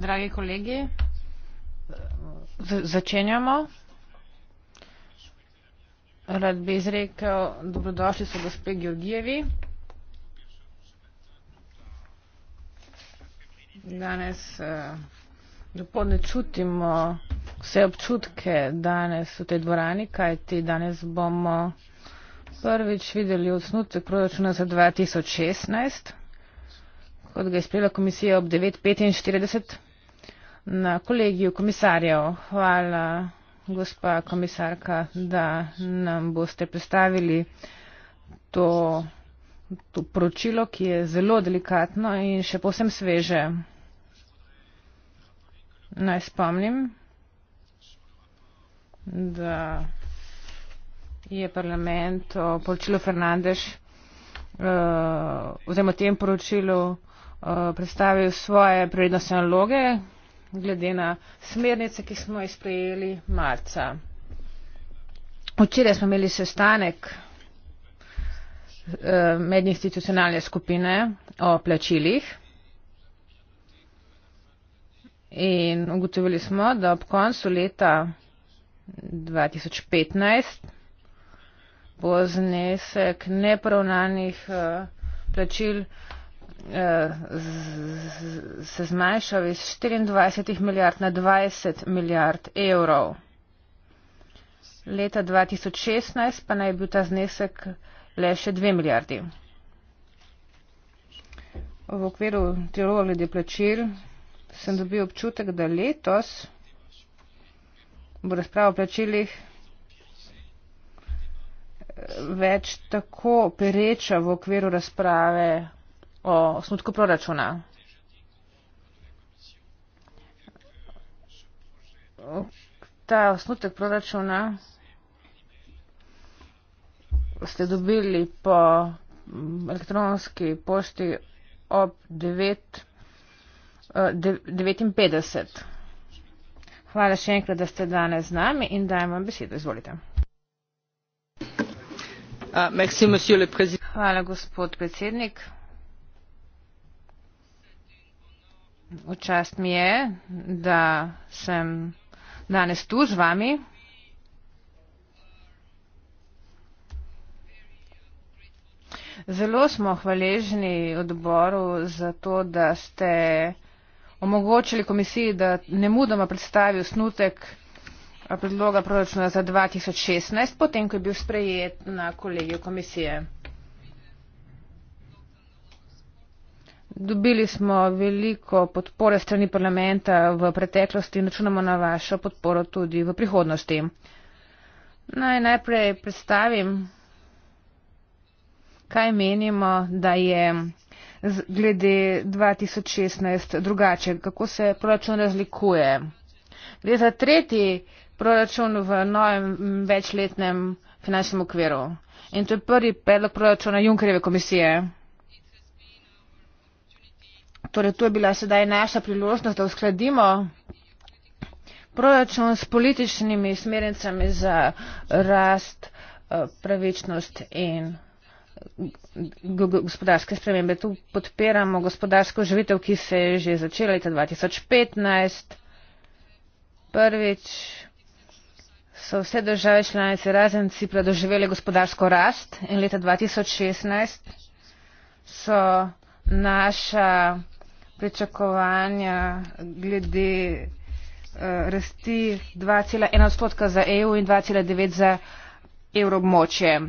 dragi kolegi začenjamo rad bi izrekel dobrodošli so gospe Georgijevi danes eh, dopolne čutimo vse občutke danes v tej dvorani kajti danes bomo prvič videli osnutek proračuna za 2016, kot ga je sprejela komisija ob 9.45 na kolegiju komisarjev. Hvala, gospa komisarka, da nam boste predstavili to, to poročilo, ki je zelo delikatno in še posem sveže. Naj spomnim, da je parlament o poročilu Fernandež uh, eh, oziroma tem poročilu uh, predstavil svoje prednostne naloge glede na smernice, ki smo jih sprejeli marca. Včeraj smo imeli sestanek uh, medinstitucionalne skupine o plačilih. In ugotovili smo, da ob koncu leta 2015 bo znesek nepravnanih eh, plačil eh, se zmanjšal iz 24 milijard na 20 milijard evrov. Leta 2016 pa naj bil ta znesek le še 2 milijardi. V okviru teorije glede plačil sem dobil občutek, da letos bo razprava o plačilih več tako pereča v okviru razprave o osnutku proračuna. Ta osnutek proračuna ste dobili po elektronski pošti ob 9, 59. Eh, Hvala še enkrat, da ste danes z nami in dajem vam besedo. Izvolite. Ah, v čast mi je da sem danes tu z vami zelo smo hvaležni odboru za to da ste omogočili komisiji da nemudoma predstavi osnutek predloga proračuna za 2016, potem, ko je bil sprejet na kolegiju komisije. Dobili smo veliko podpore strani parlamenta v preteklosti in računamo na vašo podporo tudi v prihodnosti. Naj najprej predstavim, kaj menimo, da je glede 2016 drugače, kako se proračun razlikuje. Gre za tretji proračun v novem večletnem finančnem okviru. In to je prvi predlog proračuna Junkerjeve komisije. Torej, to je bila sedaj naša priložnost, da uskladimo proračun s političnimi smernicami za rast, eh, pravičnost in eh, gospodarske spremembe. Tu podpiramo gospodarsko živitev, ki se je že začela leta 2015. Prvič so vse države članice razen Cipra doživele gospodarsko rast in leta 2016 so naša pričakovanja glede uh, rasti 2,1 odstotka za EU in 2,9 za evroobmočje.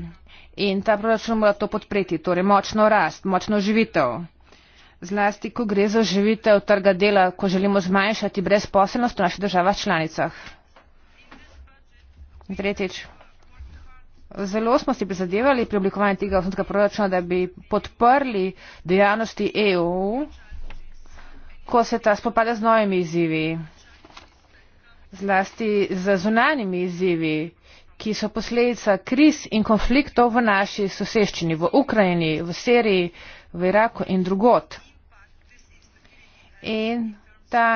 In ta proračun mora to podpreti, torej močno rast, močno živitev. Zlasti, ko gre za živitev trga dela, ko želimo zmanjšati brezposelnost v naših državah članicah. In tretjič, zelo smo si prizadevali pri oblikovanju tega osnovnega proračuna, da bi podprli dejavnosti EU, ko se ta spopada z novimi izzivi, zlasti z zunanimi izzivi, ki so posledica kriz in konfliktov v naši soseščini, v Ukrajini, v Siriji, v Iraku in drugot. In ta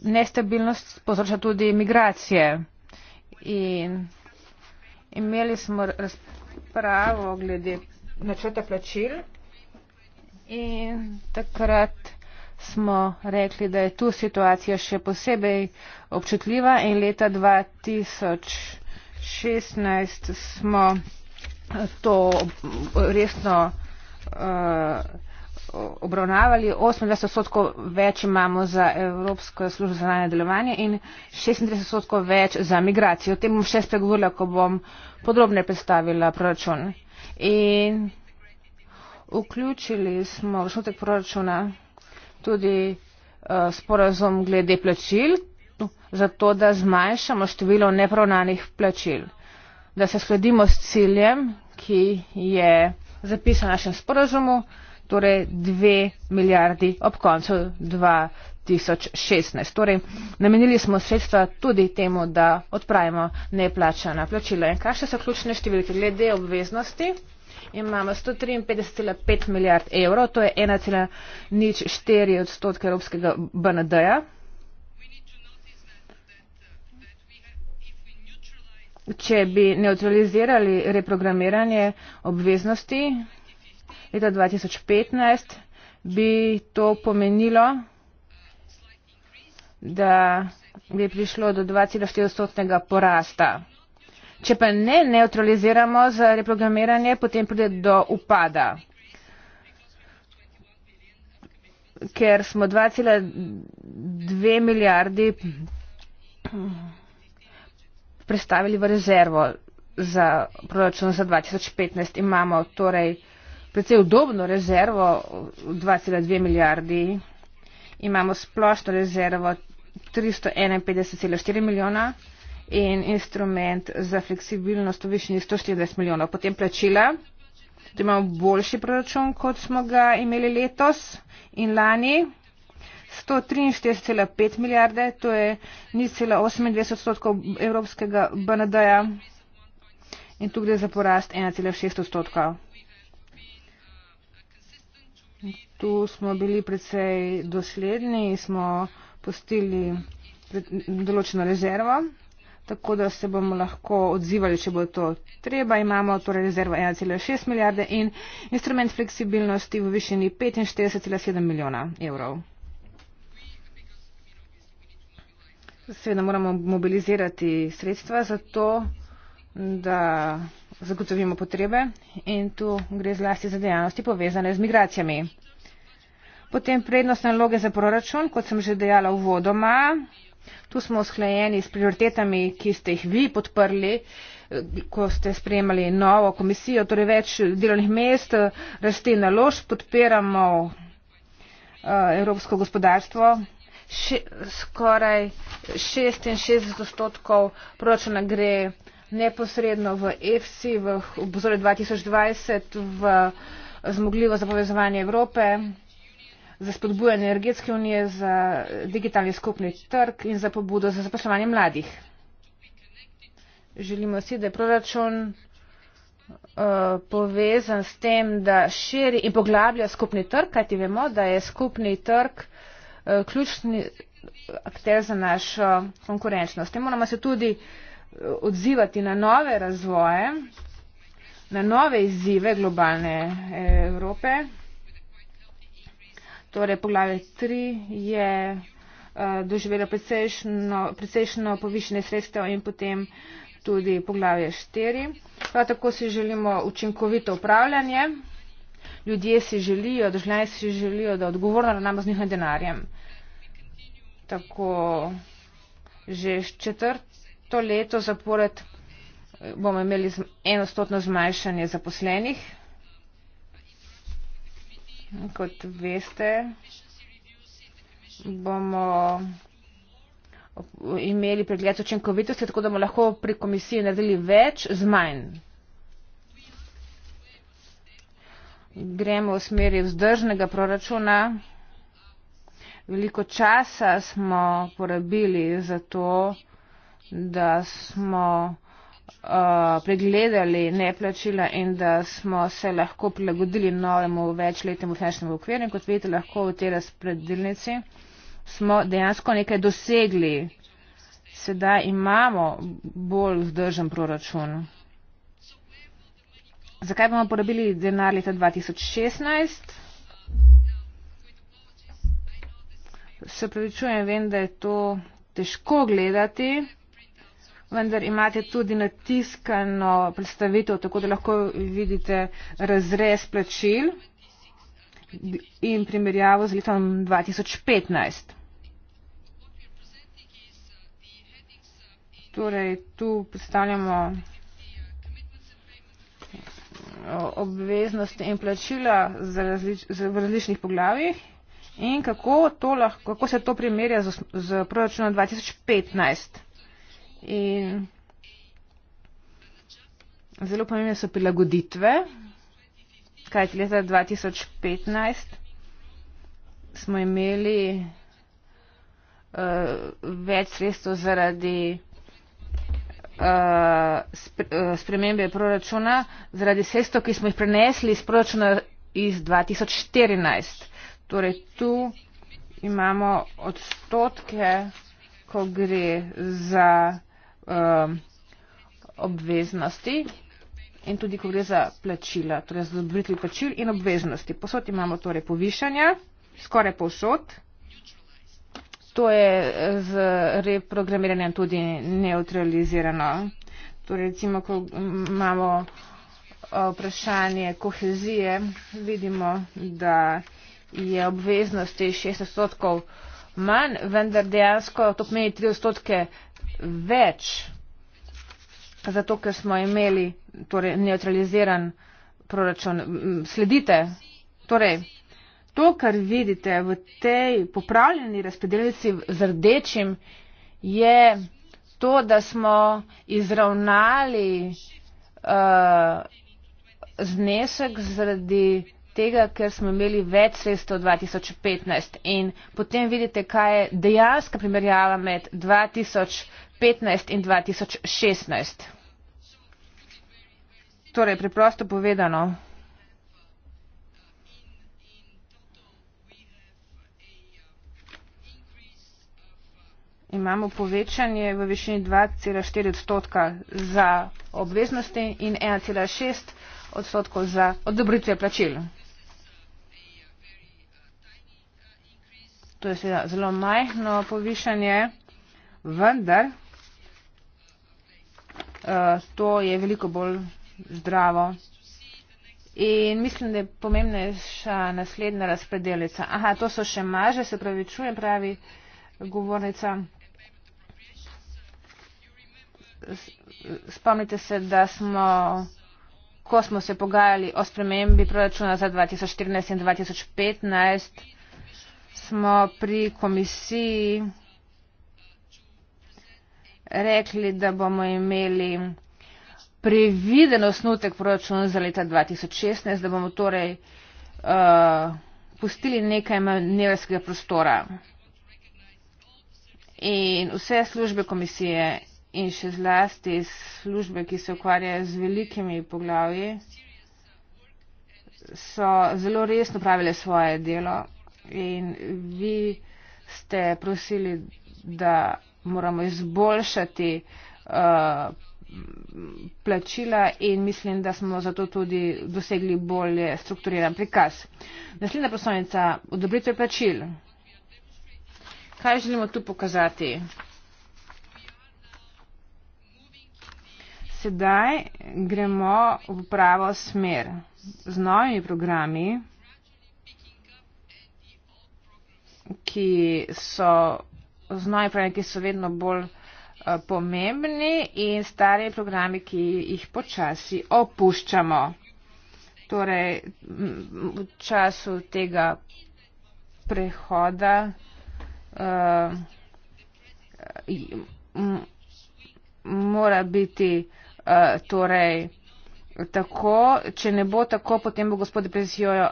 nestabilnost povzroča tudi migracije in imeli smo razpravo glede načrta plačil in takrat smo rekli, da je tu situacija še posebej občutljiva in leta 2016 smo to resno uh, obravnavali, 28 odstotkov več imamo za Evropsko službo za zanje delovanje in 36 odstotkov več za migracijo. O tem bom še spregovorila, ko bom podrobne predstavila proračun. In vključili smo v osnotek proračuna tudi uh, sporazum glede plačil, zato da zmanjšamo število nepravnanih plačil, da se skladimo s ciljem, ki je zapisan v našem sporazumu torej dve milijardi ob koncu 2016. Torej, namenili smo sredstva tudi temu, da odpravimo neplačana plačila. In kakšne so ključne številke? Glede obveznosti imamo 153,5 milijard evrov, to je 1,04 odstotka evropskega BND-ja. Če bi neutralizirali reprogramiranje obveznosti, leta 2015 bi to pomenilo, da bi prišlo do 2,4-stotnega porasta. Če pa ne neutraliziramo za reprogramiranje, potem pride do upada, ker smo 2,2 milijardi prestavili v rezervo za proračun za 2015. Imamo torej precej udobno rezervo 2,2 milijardi. Imamo splošno rezervo 351,4 milijona in instrument za fleksibilnost v višini 140 milijonov. Potem plačila, da imamo boljši proračun, kot smo ga imeli letos in lani. 143,5 milijarde, to je 0,28 odstotkov evropskega BND-ja in tu gre za porast 1,6 odstotkov. Tu smo bili precej dosledni in smo postili določeno rezervo, tako da se bomo lahko odzivali, če bo to treba. Imamo torej rezervo 1,6 milijarde in instrument fleksibilnosti v višini 45,7 milijona evrov. Seveda moramo mobilizirati sredstva za to da zagotovimo potrebe in tu gre zlasti za dejavnosti povezane z migracijami. Potem prednostne naloge za proračun, kot sem že dejala v vodoma. Tu smo usklajeni s prioritetami, ki ste jih vi podprli, ko ste sprejemali novo komisijo, torej več delovnih mest, rasti nalož, podpiramo eh, evropsko gospodarstvo. Še, skoraj 66 odstotkov proračuna gre neposredno v EFSI, v obzore 2020, v eh, zmogljivo za povezovanje Evrope, za spodbujo energetske unije, za digitalni skupni trg in za pobudo za zaposlovanje mladih. Želimo si, da je proračun eh, povezan s tem, da širi in poglablja skupni trg, kaj ti vemo, da je skupni trg eh, ključni akter za našo konkurenčnost. Te moramo se tudi uh, odzivati na nove razvoje, na nove izzive globalne eh, Evrope. Torej, poglavje 3 je eh, doživelo precejšno, precejšno povišenje sredstev in potem tudi poglavje 4. Prav tako si želimo učinkovito upravljanje. Ljudje si želijo, državljani si želijo, da odgovorno ravnamo z njihovim denarjem. Tako že četrt, to leto zapored eh, bomo imeli enostotno zmanjšanje zaposlenih. Kot veste, bomo imeli pregled učinkovitosti, tako da bomo lahko pri komisiji naredili več z manj. Gremo v smeri vzdržnega proračuna. Veliko časa smo porabili za to, da smo uh, pregledali neplačila in da smo se lahko prilagodili novemu večletnemu finančnemu okviru. In kot vidite, lahko v tej razpredelnici smo dejansko nekaj dosegli. Sedaj imamo bolj vzdržen proračun. Zakaj bomo porabili denar leta 2016? Se pravičujem, vem, da je to težko gledati vendar imate tudi natiskano predstavitev, tako da lahko vidite razrez plačil in primerjavo z letom 2015. Torej, tu predstavljamo eh, obveznosti in plačila za različ, za v različnih poglavjih in kako, to lahko, kako se to primerja z, z proračunom 2015. In zelo pomembne so prilagoditve, kajti leta 2015 smo imeli uh, več sredstev zaradi uh, spremembe proračuna, zaradi sredstev, ki smo jih prenesli iz proračuna iz 2014. Torej tu imamo odstotke, ko gre za Um, obveznosti in tudi ko gre za plačila, torej za odbritvi plačil in obveznosti. Posod imamo torej povišanja, skoraj povsod. To je eh, z reprogramiranjem tudi neutralizirano. Torej, recimo, ko imamo eh, vprašanje kohezije, vidimo, da je obveznosti 6 odstotkov manj, vendar dejansko to pomeni 3 odstotke več, zato ker smo imeli torej, neutraliziran proračun. Sledite. Torej, to, kar vidite v tej popravljeni razpredelici z rdečim, je to, da smo izravnali uh, znesek zaradi tega, ker smo imeli več sredstev 2015 in potem vidite, kaj je dejanska primerjava med 2015 2015 in 2016. Torej, preprosto povedano, imamo povečanje v višini 2,4 odstotka za obveznosti in 1,6 odstotkov za odobritve plačil. To je seveda zelo majhno povišanje, vendar uh, to je veliko bolj zdravo. In mislim, da je pomembnejša naslednja razpredeljica. Aha, to so še maže, se pravi, čujem pravi govornica. Spomnite se, da smo, ko smo se pogajali o spremembi proračuna za 2014 in 2015, smo pri komisiji rekli, da bomo imeli previden osnutek proračuna za leta 2016, da bomo torej uh, pustili nekaj manevrskega prostora. In vse službe komisije in še zlasti službe, ki se ukvarjajo z velikimi poglavji, so zelo resno pravile svoje delo in vi ste prosili, da moramo izboljšati uh, plačila in mislim, da smo zato tudi dosegli bolje strukturiran prikaz. Naslednja poslovnica, odobritve plačil. Kaj želimo tu pokazati? Sedaj gremo v pravo smer z novimi programi, ki so znotraj, ki so vedno bolj eh, pomembni in stare programe, ki jih počasi opuščamo. Torej, v času tega prehoda uh, mora biti uh, torej, tako, če ne bo tako, potem bo gospod Depresijo eh,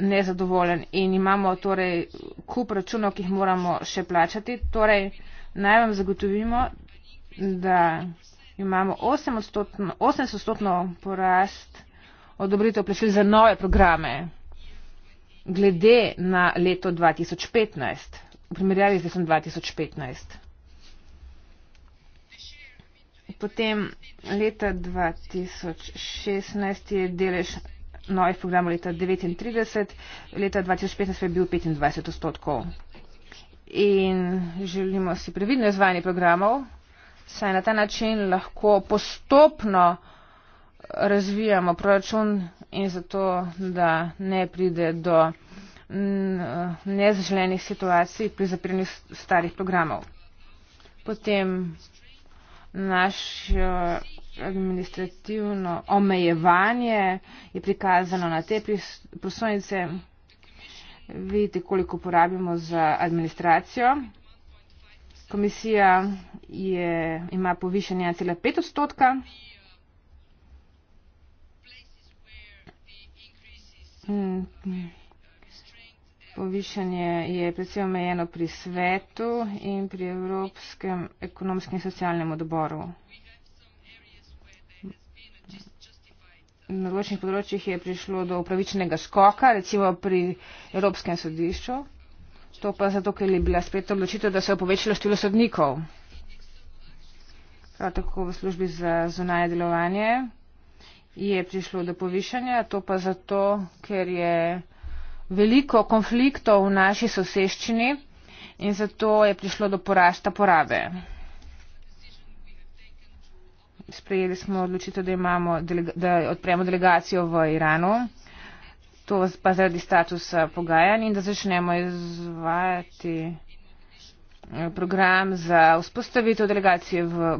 nezadovoljen in imamo torej kup računov, ki jih moramo še plačati. Torej, naj vam zagotovimo, da imamo 80-stotno porast odobritev plesil za nove programe glede na leto 2015, v primerjavi z letom 2015 potem leta 2016 je delež novih programov leta 39, leta 2015 pa je bil 25 odstotkov. In želimo si previdno izvajanje programov, saj na ta način lahko postopno razvijamo proračun in zato, da ne pride do nezaželenih situacij pri zapiranju starih programov. Potem naše eh, administrativno omejevanje je prikazano na te prosojnice. Vidite, koliko porabimo za administracijo. Komisija je, ima povišenje 1,5 odstotka. Mm -hmm povišanje je predvsem omejeno pri svetu in pri Evropskem ekonomskem in socialnem odboru. Na določenih področjih je prišlo do upravičenega skoka, recimo pri Evropskem sodišču. To pa zato, ker je bila spet odločitev, da se je povečalo število sodnikov. Prav tako v službi za zunanje delovanje je prišlo do povišanja, to pa zato, ker je veliko konfliktov v naši soseščini in zato je prišlo do porasta porabe. Sprejeli smo odločitev, da, imamo, da odpremo delegacijo v Iranu, to pa zaradi statusa pogajanj in da začnemo izvajati eh, program za vzpostavitev delegacije v,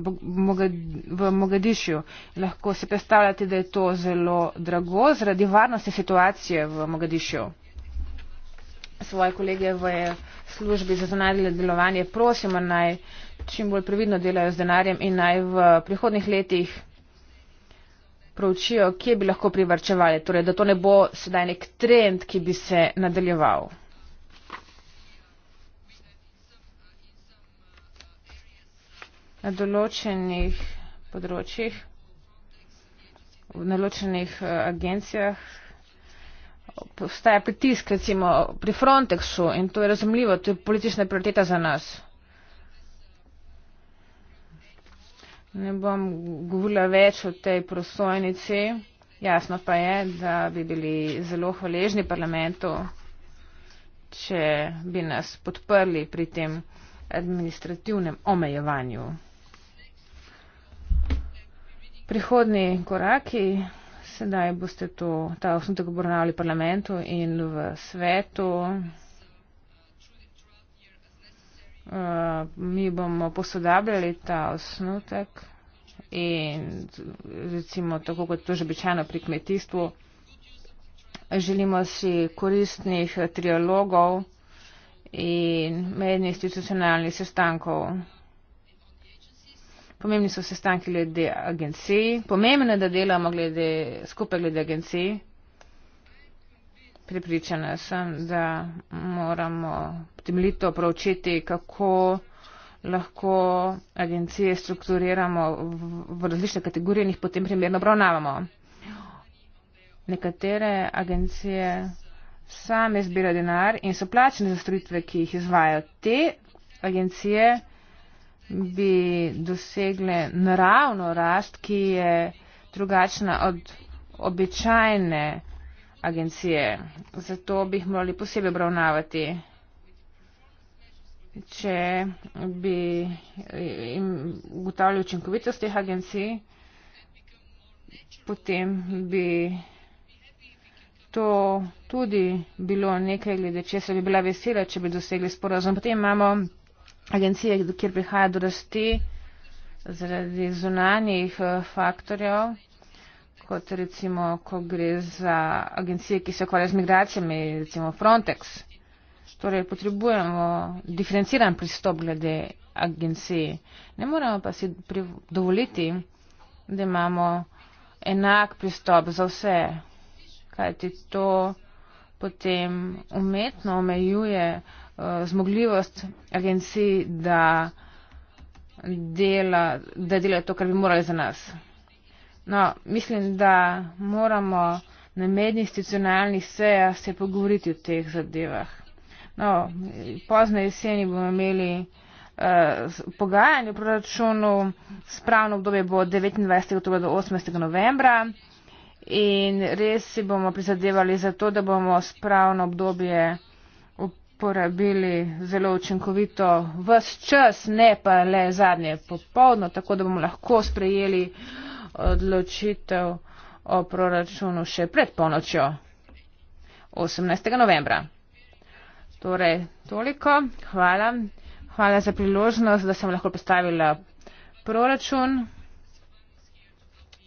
v Mogadišju. Lahko se predstavljate, da je to zelo drago zaradi varnostne situacije v Mogadišju svoje kolege v službi za zanadljivo delovanje prosimo naj čim bolj previdno delajo z denarjem in naj v prihodnih letih proučijo, kje bi lahko privrčevali, torej da to ne bo sedaj nek trend, ki bi se nadaljeval. Na določenih področjih, na določenih eh, agencijah obstaja pritisk recimo pri Frontexu in to je razumljivo, to je politična prioriteta za nas. Ne bom govorila več o tej prosojnici. Jasno pa je, da bi bili zelo hvaležni parlamentu, če bi nas podprli pri tem administrativnem omejevanju. Prihodni koraki sedaj boste to, ta osnutek obravnavali v parlamentu in v svetu. Eh, mi bomo posodabljali ta osnutek in recimo tako kot to že običajno pri kmetijstvu. Želimo si koristnih trialogov in medinstitucionalnih sestankov pomembni so sestanki glede agencij, pomembno je, da delamo glede, skupaj glede agencij. Pripričana sem, da moramo temeljito proučiti, kako lahko agencije strukturiramo v različne kategorije in jih potem primerno obravnavamo. Nekatere agencije same zbirajo denar in so plačene za storitve, ki jih izvajo. Te agencije bi dosegle naravno rast, ki je drugačna od običajne agencije. Zato bi jih morali posebej obravnavati. Če bi jim ugotavljali učinkovitost teh agencij, potem bi to tudi bilo nekaj, glede če se bi bila vesela, če bi dosegli sporazum. Potem imamo agencije, kjer prihaja do rasti zaradi zunanjih eh, faktorjev, kot recimo, ko gre za agencije, ki se ukvarja z migracijami, recimo Frontex. Torej, potrebujemo diferenciran pristop glede agencij. Ne moremo pa si dovoliti, da imamo enak pristop za vse, kajti to potem umetno omejuje Eh, zmogljivost agencij, da dela, da dela to, kar bi morali za nas. No, mislim, da moramo na medinstitucionalnih sejah se pogovoriti o teh zadevah. No, pozne jeseni bomo imeli uh, pogajanje o proračunu, spravno obdobje bo 29. oktober do 18. novembra in res si bomo prizadevali za to, da bomo spravno obdobje porabili zelo učinkovito vse čas, ne pa le zadnje popovdno, tako da bomo lahko sprejeli odločitev o proračunu še pred polnočjo 18. novembra. Torej, toliko. Hvala. Hvala za priložnost, da sem lahko postavila proračun.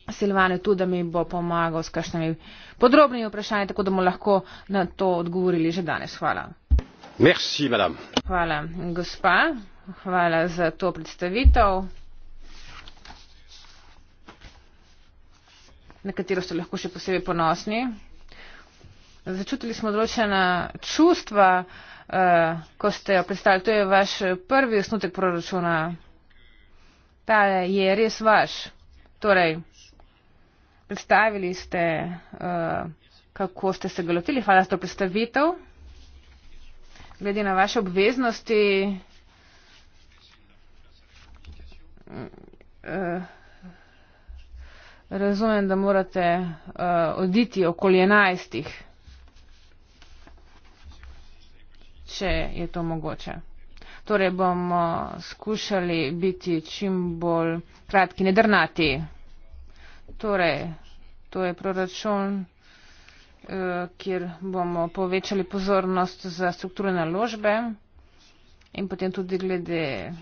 Silvane tu, da mi bo pomagal s kakšnimi podrobnimi vprašanji, tako da mu lahko na to odgovorili že danes. Hvala hvala za to predstavitev na katero ste lahko še posebej ponosni. začutili smo določena čustva eh, ko ste jo predstavili to je vaš prvi osnutek proračuna ta je res vaš torej predstavili ste eh, kako ste se ga lotili hvala za to predstavitev glede na vaše obveznosti. Eh, razumem, da morate eh, oditi okoli enajstih, če je to mogoče. Torej bomo skušali biti čim bolj kratki, nedrnati. Torej, to je proračun. Eh, kjer bomo povečali pozornost za strukture naložbe in potem tudi glede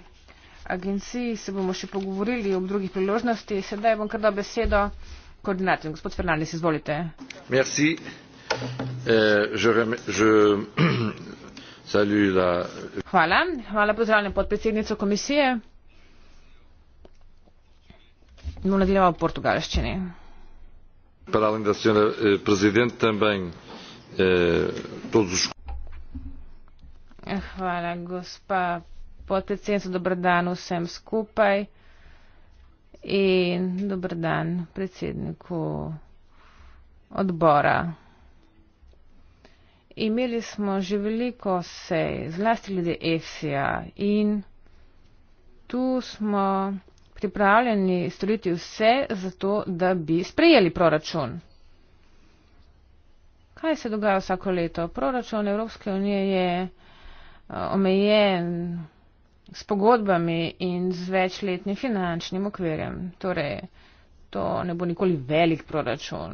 agencij se bomo še pogovorili ob drugih priložnosti. Sedaj bom kar dal besedo koordinatorju. Gospod Fernandez, izvolite. Merci. Eh, Hvala. Hvala pozdravljam podpredsednico komisije. Nuna delava v portugalščini para além da Sra. Eh, presidente, também eh, todos os. Hvala, gospa podpredsednica, dober dan vsem skupaj in dober dan predsedniku odbora. Imeli smo že veliko sej, zlasti glede EFSI-ja in tu smo pripravljeni storiti vse za to, da bi sprejeli proračun. Kaj se dogaja vsako leto? Proračun Evropske unije je eh, omejen s pogodbami in z večletnim finančnim okverjem. Torej, to ne bo nikoli velik proračun,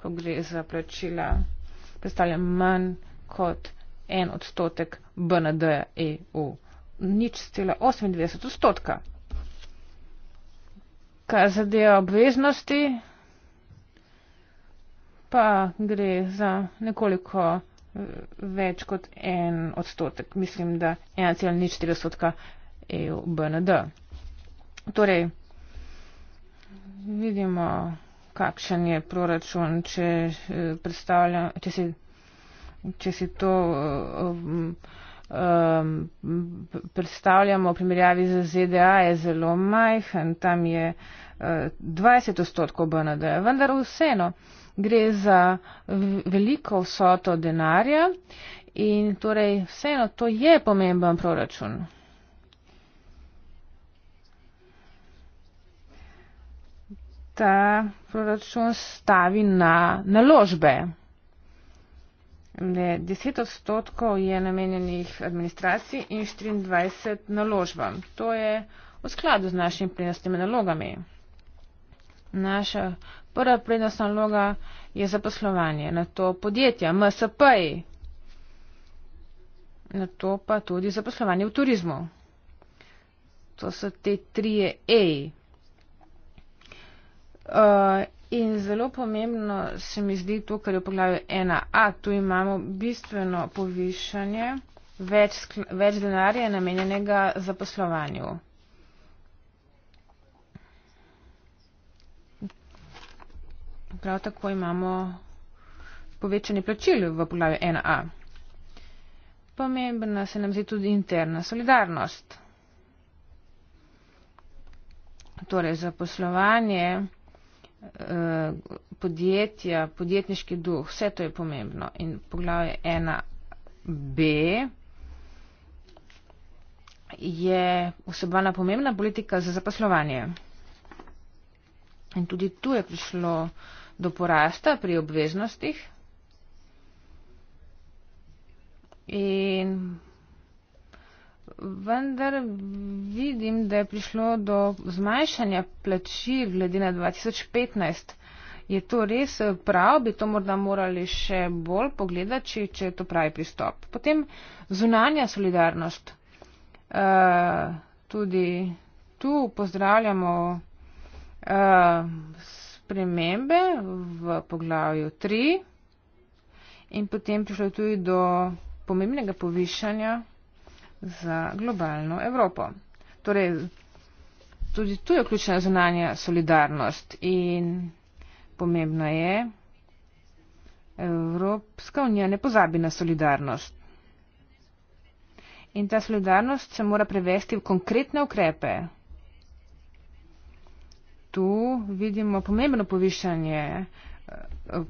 ko gre za plačila, predstavlja manj kot en odstotek BND EU. Nič cela 28 odstotka kar zadeva obveznosti, pa gre za nekoliko eh, več kot en odstotek, mislim, da 1,4 odstotka EU BND. Torej, vidimo, kakšen je proračun, če, eh, če, si, če si to. Um, um, predstavljamo v primerjavi z ZDA, je zelo majhen, tam je uh, 20 odstotkov BND, vendar vseeno gre za veliko vsoto denarja in torej vseeno to je pomemben proračun. Ta proračun stavi na naložbe. 10 odstotkov je namenjenih administraciji in 24 naložbam. To je v skladu z našimi prednostnimi nalogami. Naša prva prednostna naloga je zaposlovanje, na to podjetja, MSP, na to pa tudi zaposlovanje v turizmu. To so te trije E. In zelo pomembno se mi zdi to, kar je v poglavju 1a. Tu imamo bistveno povišanje, več, več denarja namenjenega za poslovanju. Prav tako imamo povečanje plačil v poglavju 1a. Pomembna se nam zdi tudi interna solidarnost. Torej, za poslovanje Eh, podjetja, podjetniški duh, vse to je pomembno. In poglavje 1b je vsebana pomembna politika za zaposlovanje. In tudi tu je prišlo do porasta pri obveznostih. In vendar vidim, da je prišlo do zmanjšanja plačil glede na 2015. Je to res eh, prav, bi to morda morali še bolj pogledati, če, če je to pravi pristop. Potem zunanja solidarnost. Uh, tudi tu pozdravljamo uh, spremembe v poglavju 3 in potem prišlo tudi do pomembnega povišanja za globalno Evropo. Torej, tudi tu je ključna zunanja solidarnost in pomembno je, Evropska unija ne pozabi na solidarnost. In ta solidarnost se mora prevesti v konkretne ukrepe. Tu vidimo pomembno povišanje eh,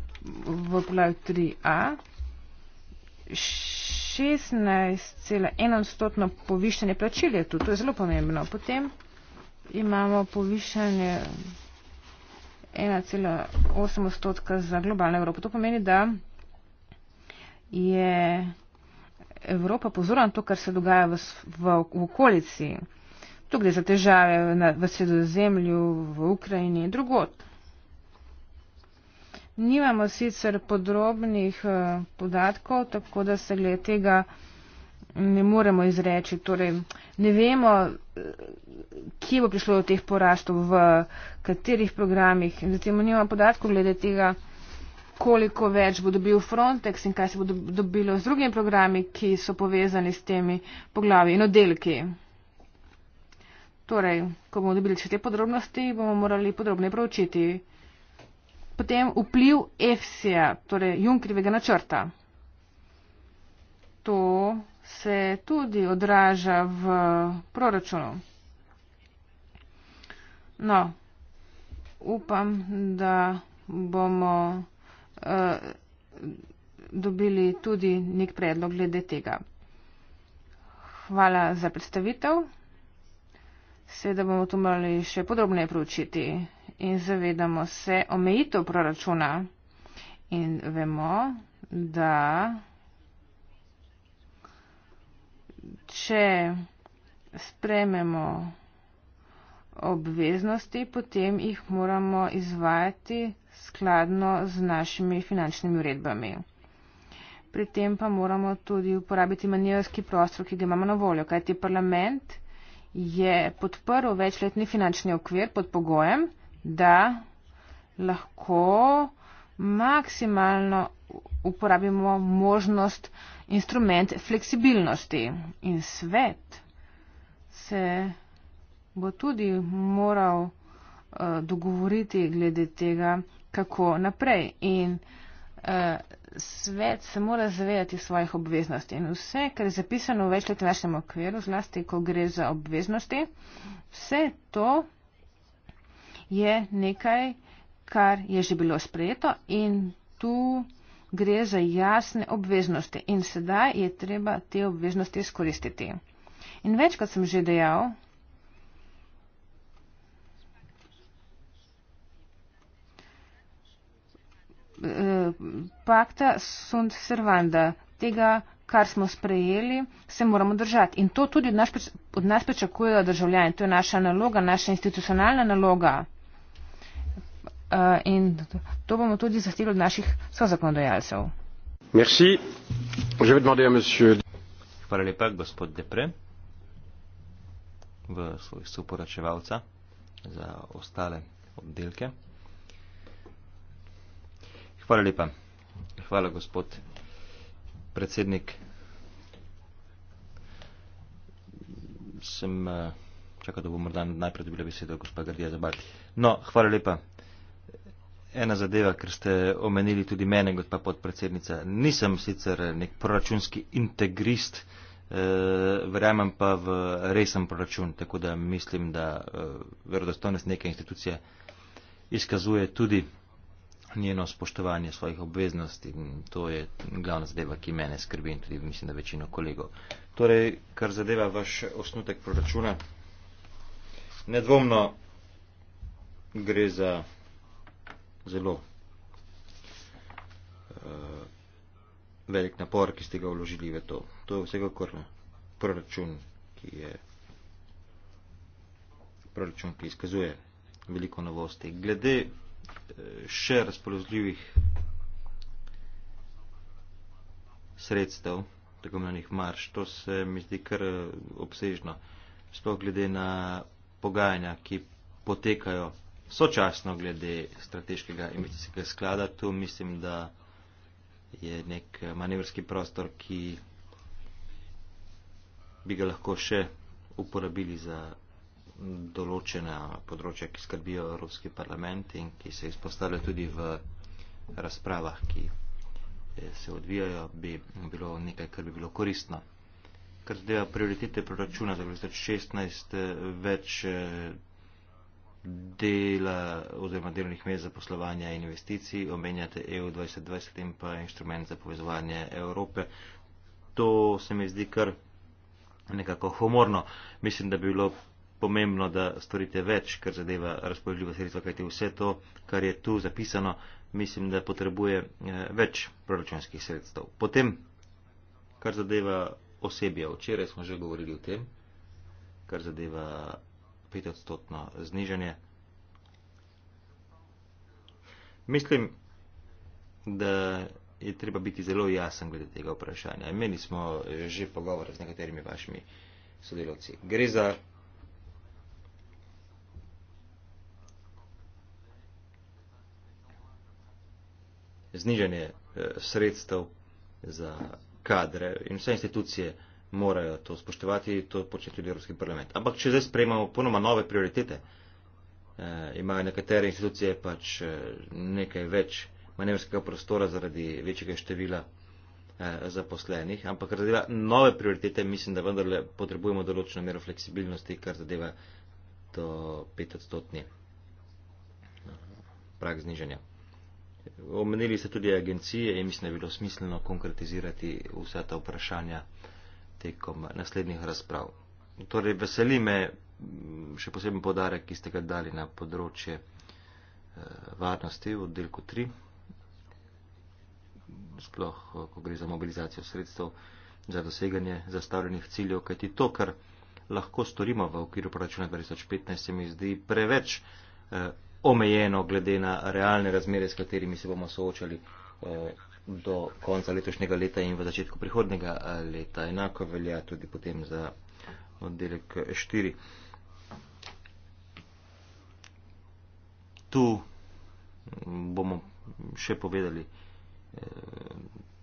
v plavi 3a. 16,1 odstotno povišanje plačil je tu, to je zelo pomembno. Potem imamo povišanje 1,8 odstotka za globalno Evropo. To pomeni, da je Evropa pozorna na to, kar se dogaja v, v, v okolici. Tu gre za težave na, v sredozemlju, v Ukrajini in drugot. Nimamo sicer podrobnih eh, podatkov, tako da se glede tega ne moremo izreči. Torej, ne vemo, eh, kje bo prišlo do teh porastov, v katerih programih. Zatim nimamo podatkov glede tega, koliko več bo dobil Frontex in kaj se bo dobilo z drugimi programi, ki so povezani s temi poglavi in oddelki. Torej, ko bomo dobili še te podrobnosti, bomo morali podrobne proučiti potem vpliv EFSI-ja, torej Junkrivega načrta. To se tudi odraža v proračunu. No, upam, da bomo uh, dobili tudi nek predlog glede tega. Hvala za predstavitev. Seveda bomo to morali še podrobneje proučiti in zavedamo se omejitev proračuna in vemo, da če sprememo obveznosti, potem jih moramo izvajati skladno z našimi finančnimi uredbami. Pri tem pa moramo tudi uporabiti manjerski prostor, ki ga imamo na voljo, kajti parlament je podprl večletni finančni okvir pod pogojem, da lahko maksimalno uporabimo možnost instrument fleksibilnosti. In svet se bo tudi moral uh, dogovoriti glede tega, kako naprej. In uh, svet se mora zavedati svojih obveznosti. In vse, kar je zapisano v večletnem našem okviru, zlasti, ko gre za obveznosti, vse to je nekaj, kar je že bilo sprejeto in tu gre za jasne obveznosti in sedaj je treba te obveznosti izkoristiti. In več, kot sem že dejal, eh, pakta sunt servanda, tega, kar smo sprejeli, se moramo držati. In to tudi od nas pričakujejo državljani. To je naša naloga, naša institucionalna naloga uh, in to bomo tudi zahteli od naših sozakonodajalcev. Merci. Je vais demander à monsieur. Hvala lepa, gospod Depre, v svojstvu poročevalca za ostale oddelke. Hvala lepa. Hvala, gospod predsednik. Sem eh, čakal, da bo morda najprej dobila besedo gospod Gardija Zabati. No, hvala lepa ena zadeva, ker ste omenili tudi mene kot pa podpredsednica. Nisem sicer nek proračunski integrist, eh, verjamem pa v resen proračun, tako da mislim, da eh, verodostojnost neke institucije izkazuje tudi njeno spoštovanje svojih obveznosti. To je glavna zadeva, ki mene skrbi in tudi mislim, da večino kolegov. Torej, kar zadeva vaš osnutek proračuna, nedvomno gre za zelo uh, velik napor, ki ste ga vložili v to. To je vsekakor proračun, ki je proračun, ki izkazuje veliko novosti. Glede uh, še razpoložljivih sredstev, tako imenih marš, to se mi zdi kar eh, obsežno, sploh glede na pogajanja, ki potekajo Sočasno glede strateškega investicijskega sklada, tu mislim, da je nek manevrski prostor, ki bi ga lahko še uporabili za določena področja, ki skrbijo Evropski parlament in ki se izpostavlja tudi v razpravah, ki eh, se odvijajo, bi bilo nekaj, kar bi bilo koristno. Kar zadeva prioritete proračuna za 2016, eh, več eh, dela oziroma delovnih mest za poslovanje in investicij, omenjate EU 2020 in pa inštrument za povezovanje Evrope. To se mi zdi kar nekako humorno. Mislim, da bi bilo pomembno, da storite več, kar zadeva razpoložljiva sredstva, kajti vse to, kar je tu zapisano, mislim, da potrebuje eh, več proračunskih sredstev. Potem, kar zadeva osebja, včeraj smo že govorili o tem, kar zadeva 5 odstotno znižanje. Mislim, da je treba biti zelo jasen glede tega vprašanja. Imeli smo že pogovore z nekaterimi vašimi sodelovci. Gre za znižanje eh, sredstev za kadre in vse institucije, morajo to spoštevati, to počne tudi Evropski parlament. Ampak če zdaj sprejmamo ponoma nove prioritete, eh, imajo nekatere institucije pač eh, nekaj več manevrskega prostora zaradi večjega števila eh, zaposlenih, ampak kar zadeva nove prioritete, mislim, da vendarle potrebujemo določeno mero fleksibilnosti, kar zadeva to petodstotni eh, prag znižanja. Omenili ste tudi agencije in mislim, da je bilo smiselno konkretizirati vsa ta vprašanja tekom naslednjih razprav. Torej, veseli me mm, še poseben podarek, ki ste ga dali na področje eh, varnosti v oddelku 3, sploh, eh, ko gre za mobilizacijo sredstev za doseganje zastavljenih ciljev, kajti to, kar lahko storimo v okviru proračuna 2015, se mi zdi preveč eh, omejeno glede na realne razmere, s katerimi se bomo soočali do konca letošnjega leta in v začetku prihodnega eh, leta. Enako velja tudi potem za oddelek 4. Eh, tu mm, bomo še povedali, eh,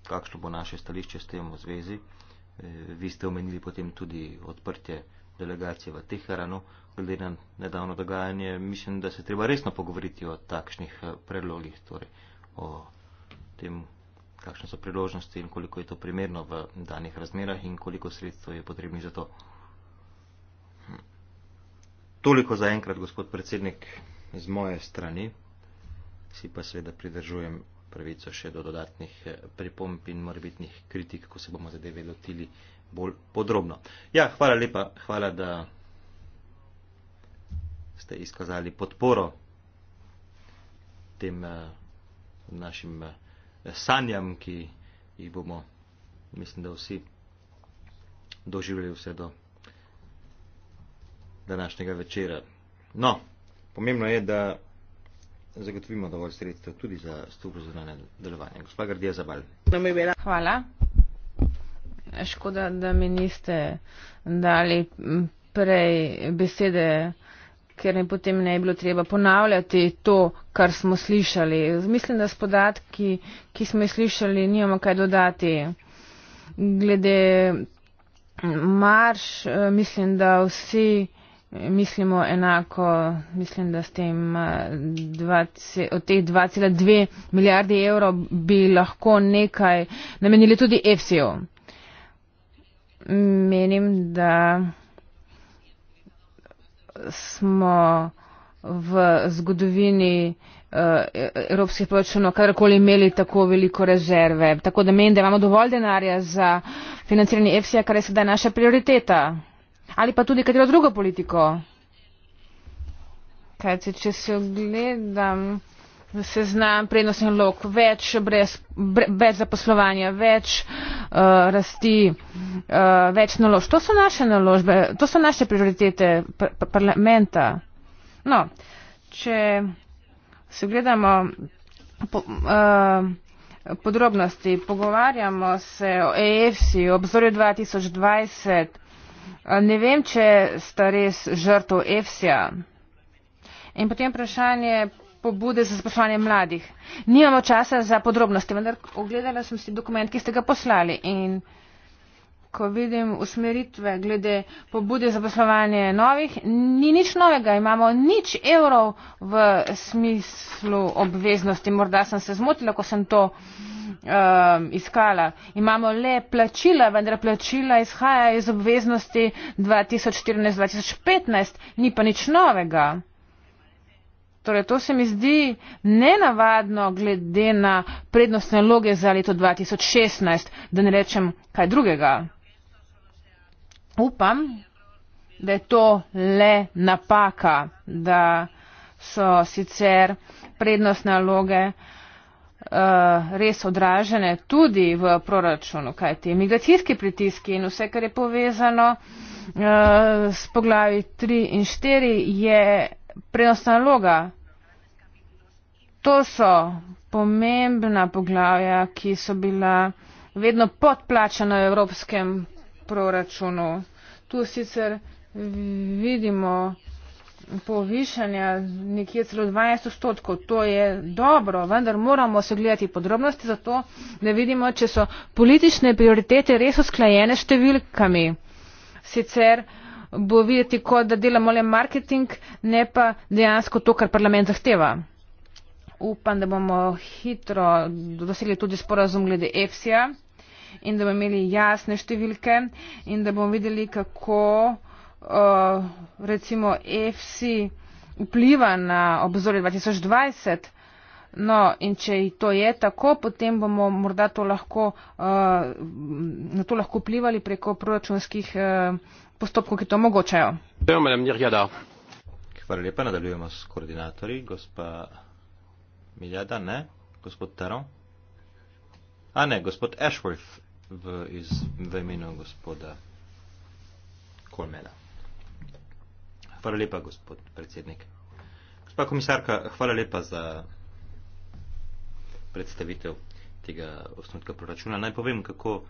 kakšno bo naše stališče s tem v zvezi. Vi ste omenili potem tudi odprtje delegacije v Teheranu, glede na nedavno dogajanje. Mislim, da se treba resno pogovoriti o takšnih predlogih, torej o tem, kakšne so priložnosti in koliko je to primerno v danih razmerah in koliko sredstvo je potrebno za to. Toliko za enkrat, gospod predsednik, z moje strani. Si pa seveda pridržujem pravico še do dodatnih eh, pripomp in morebitnih kritik, ko se bomo zadeve lotili bolj podrobno. Ja, hvala lepa, hvala, da ste izkazali podporo tem eh, našim eh, sanjam, ki jih bomo, mislim, da vsi doživljali vse do današnjega večera. No, pomembno je, da zagotovimo dovolj sredstev tudi za stupro zunanje delovanje. Gospa Gardija Zabal. Hvala. Škoda, da mi niste dali prej besede ker ne potem ne bi bilo treba ponavljati to, kar smo slišali. Mislim, da s podatki, ki smo jih slišali, nimamo kaj dodati. Glede marš, eh, mislim, da vsi eh, mislimo enako. Mislim, da s tem 20, eh, od teh 2,2 milijarde evrov bi lahko nekaj namenili tudi FCO. Menim, da smo v zgodovini eh, evropskih proračunov karkoli imeli tako veliko rezerve. Tako da menim, da imamo dovolj denarja za financiranje EFSI-ja, kar je sedaj naša prioriteta. Ali pa tudi katero drugo politiko. Kaj se, če se ogledam seznam prednostnih nalog več, brez, bre, več zaposlovanja, več uh, rasti, uh, več naložb. To so naše naložbe, to so naše prioritete par, par, parlamenta. No, če se gledamo po, uh, podrobnosti, pogovarjamo se o EFSI, o obzorju 2020. Ne vem, če sta res žrtov EFSI-ja. In potem vprašanje pobude za zaposlovanje mladih. Nimamo časa za podrobnosti, vendar ogledala sem si dokument, ki ste ga poslali in ko vidim usmeritve glede pobude za zaposlovanje novih, ni nič novega, imamo nič evrov v smislu obveznosti. Morda sem se zmotila, ko sem to um, iskala. Imamo le plačila, vendar plačila izhaja iz obveznosti 2014-2015, ni pa nič novega. Torej, to se mi zdi nenavadno, glede na prednostne loge za leto 2016, da ne rečem kaj drugega. Upam, da je to le napaka, da so sicer prednostne loge uh, eh, res odražene tudi v proračunu, kaj ti migracijski pritiski in vse, kar je povezano uh, s poglavi 3 in 4, je prednostna naloga. To so pomembna poglavja, ki so bila vedno podplačena v evropskem proračunu. Tu sicer vidimo povišanja nekje celo 12 odstotkov. To je dobro, vendar moramo se gledati podrobnosti za to, da vidimo, če so politične prioritete res usklajene s številkami. Sicer uh, bo videti, kot da delamo le marketing, ne pa dejansko to, kar parlament zahteva. Upam, da bomo hitro dosegli tudi sporazum glede EFSI-ja in da bomo imeli jasne številke in da bomo videli, kako uh, recimo EFSI vpliva na obzorje 2020. No, in če to je tako, potem bomo morda to lahko, uh, na to lahko vplivali preko proračunskih. Uh, postopkov, ki to omogočajo. Hvala lepa, nadaljujemo s koordinatorji. Gospa Miljada, ne? Gospod Taro? A ne, gospod Ashworth v, iz, v imenu gospoda Kolmela. Hvala lepa, gospod predsednik. Gospa komisarka, hvala lepa za predstavitev tega osnutka proračuna. Naj povem, kako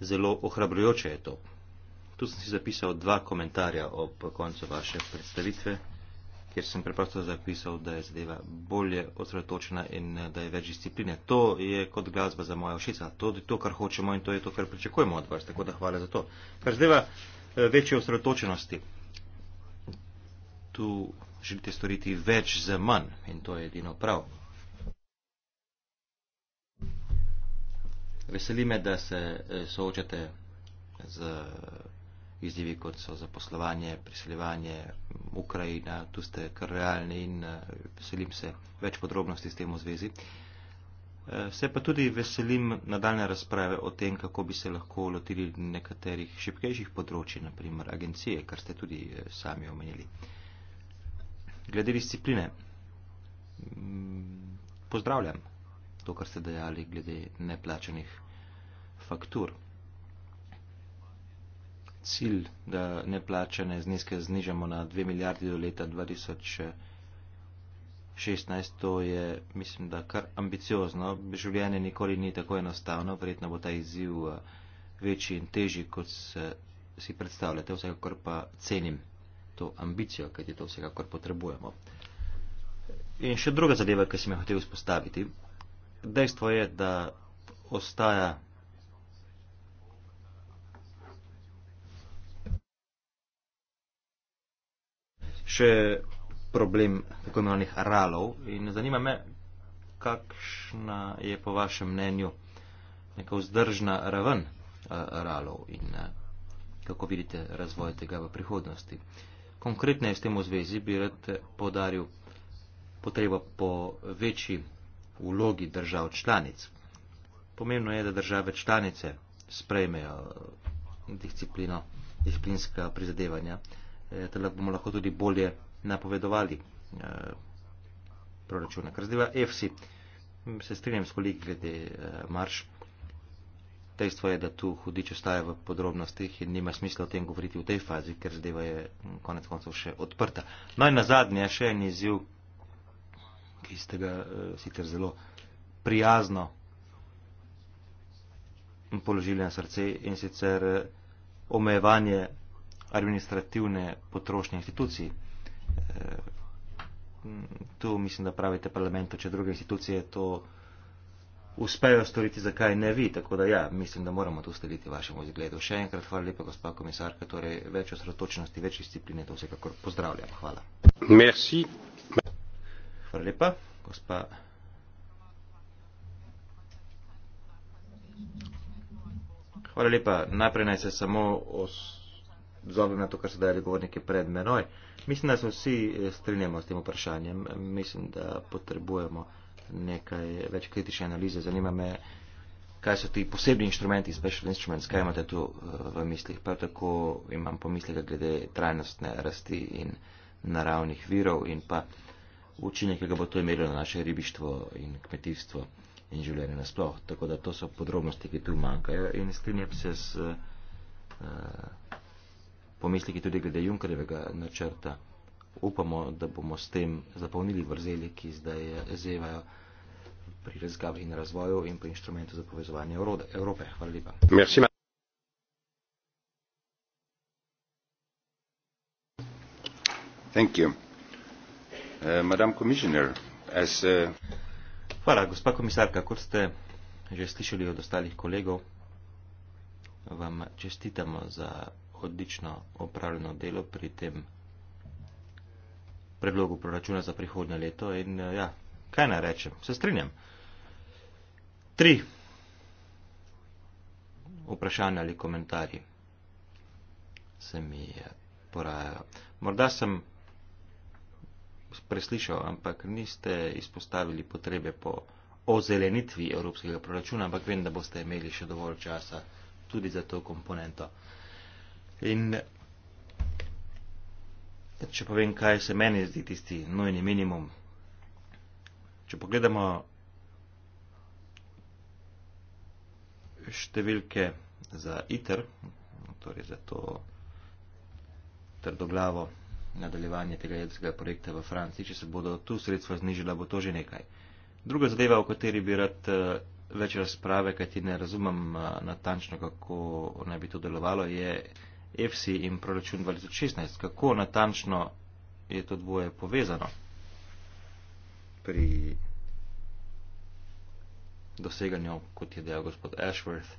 zelo ohrabrujoče je to, Tu sem si zapisal dva komentarja ob koncu vaše predstavitve, kjer sem preprosto zapisal, da je zadeva bolje osredotočena in da je več discipline. To je kot glasba za moja ošica. To je to, kar hočemo in to je to, kar pričakujemo od vas. Tako da hvala za to. Kar zadeva eh, večje osredotočenosti. Tu želite storiti več za manj in to je edino prav. Veseli me, da se eh, soočate z izzivi, kot so zaposlovanje, priseljevanje, Ukrajina, tu ste kar realni in eh, veselim se več podrobnosti s tem v zvezi. Eh, se pa tudi veselim nadaljne razprave o tem, kako bi se lahko lotili nekaterih šipkejših področji, naprimer agencije, kar ste tudi eh, sami omenili. Glede discipline, mm, pozdravljam to, kar ste dejali glede neplačanih faktur cilj, da neplačane zneske znižamo na 2 milijardi do leta 2016, to je, mislim, da kar ambiciozno. Življenje nikoli ni tako enostavno, verjetno bo ta izziv eh, večji in težji, kot si predstavljate. Vsekakor pa cenim to ambicijo, kaj ti to vsekakor potrebujemo. In še druga zadeva, ki sem jo hotel izpostaviti. Dejstvo je, da ostaja še problem tako imenovanih ralov in zanima me, kakšna je po vašem mnenju neka vzdržna raven eh, ralov in eh, kako vidite razvoj tega v prihodnosti. Konkretno je s tem v zvezi bi rad podaril potrebo po večji vlogi držav članic. Pomembno je, da države članice sprejmejo eh, disciplino, disciplinska prizadevanja da eh, bomo lahko tudi bolje napovedovali eh, proračune. Kar zdaj EFSI, se strinjam s kolik glede eh, marš. Dejstvo je, da tu hudič ostaje v podrobnostih in nima smisla o tem govoriti v tej fazi, ker zadeva je mm, konec koncev še odprta. No in na zadnje, še en izziv, ki ste ga uh, sicer zelo prijazno položili na srce in sicer uh, omejevanje administrativne potrošnje institucij. Eh, tu mislim, da pravite parlamentu, če druge institucije to uspejo storiti, zakaj ne vi. Tako da ja, mislim, da moramo to slediti vašemu izgledu. Še enkrat hvala lepa, gospa komisarka. Torej, več osredotočnosti, več discipline, to vsekakor pozdravljam. Hvala. Merci. Hvala lepa, gospa. Hvala lepa. Najprej naj se samo os zovem na to, kar so dali govorniki pred menoj. Mislim, da se vsi eh, strinjamo s tem vprašanjem. Mislim, da potrebujemo nekaj več kritične analize. Zanima me, kaj so ti posebni inštrumenti, special instruments, kaj imate tu eh, v mislih. Prav tako imam pomisleke glede trajnostne rasti in naravnih virov in pa učinek, ki ga bo to imelo na naše ribištvo in kmetijstvo in življenje nasploh. Tako da to so podrobnosti, ki tu manjkajo in strinjam se z. Uh, eh, pomisliki tudi glede Junkerjevega načrta. Upamo, da bomo s tem zapolnili vrzeli, ki zdaj zevajo pri razgavi in razvoju in pri inštrumentu za povezovanje Evrope. Hvala lepa. Merci. Thank you. Uh, Madam Commissioner, as, uh... Hvala, gospa komisarka. Kot ste že slišali od ostalih kolegov, vam čestitamo za odlično opravljeno delo pri tem predlogu proračuna za prihodnje leto in eh, ja, kaj naj rečem, se strinjam. Tri vprašanja ali komentarji se mi eh, porajajo. Morda sem preslišal, ampak niste izpostavili potrebe po ozelenitvi evropskega proračuna, ampak vem, da boste imeli še dovolj časa tudi za to komponento. In če povem, kaj se meni zdi tisti nujni minimum, če pogledamo številke za ITER, torej za to trdoglavo nadaljevanje tega jedrskega projekta v Franciji, če se bodo tu sredstva znižila, bo to že nekaj. Druga zadeva, o kateri bi rad eh, več razprave, kaj ti ne razumem eh, natančno, kako naj bi to delovalo, je EFSI in proračun 2016. Kako natančno je to dvoje povezano pri doseganju, kot je dejal gospod Ashworth,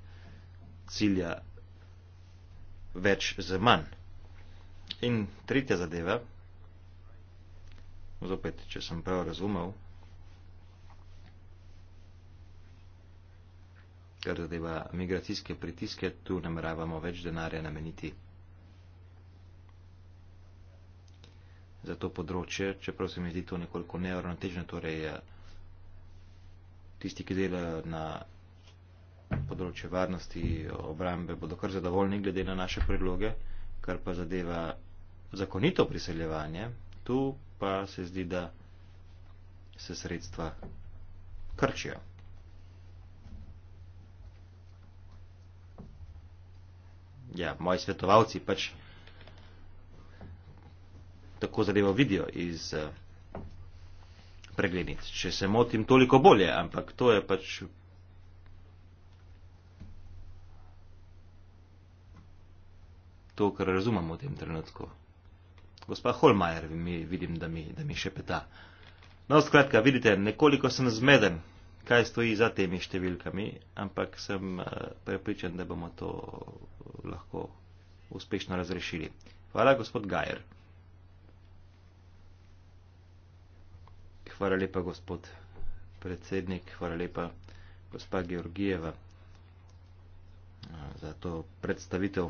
cilja več za manj. In tretja zadeva, zopet, če sem prav razumel, kar zadeva migracijske pritiske, tu nameravamo več denarja nameniti. za to področje, čeprav se mi zdi to nekoliko neuravnotežno, torej eh, tisti, ki delajo na področju varnosti obrambe, bodo kar zadovoljni glede na naše predloge, kar pa zadeva zakonito priseljevanje, tu pa se zdi, da se sredstva krčijo. Ja, moji svetovalci pač tako zadevo vidijo iz eh, preglednic. Če se motim, toliko bolje, ampak to je pač. To, kar razumemo v tem trenutku. Gospa Holmajer, vidim, da mi, da mi še peta. No, skratka, vidite, nekoliko sem zmeden, kaj stoji za temi številkami, ampak sem eh, prepričan, da bomo to lahko uspešno razrešili. Hvala, gospod Gajer. hvala lepa, gospod predsednik, hvala lepa, gospa Georgijeva, za to predstavitev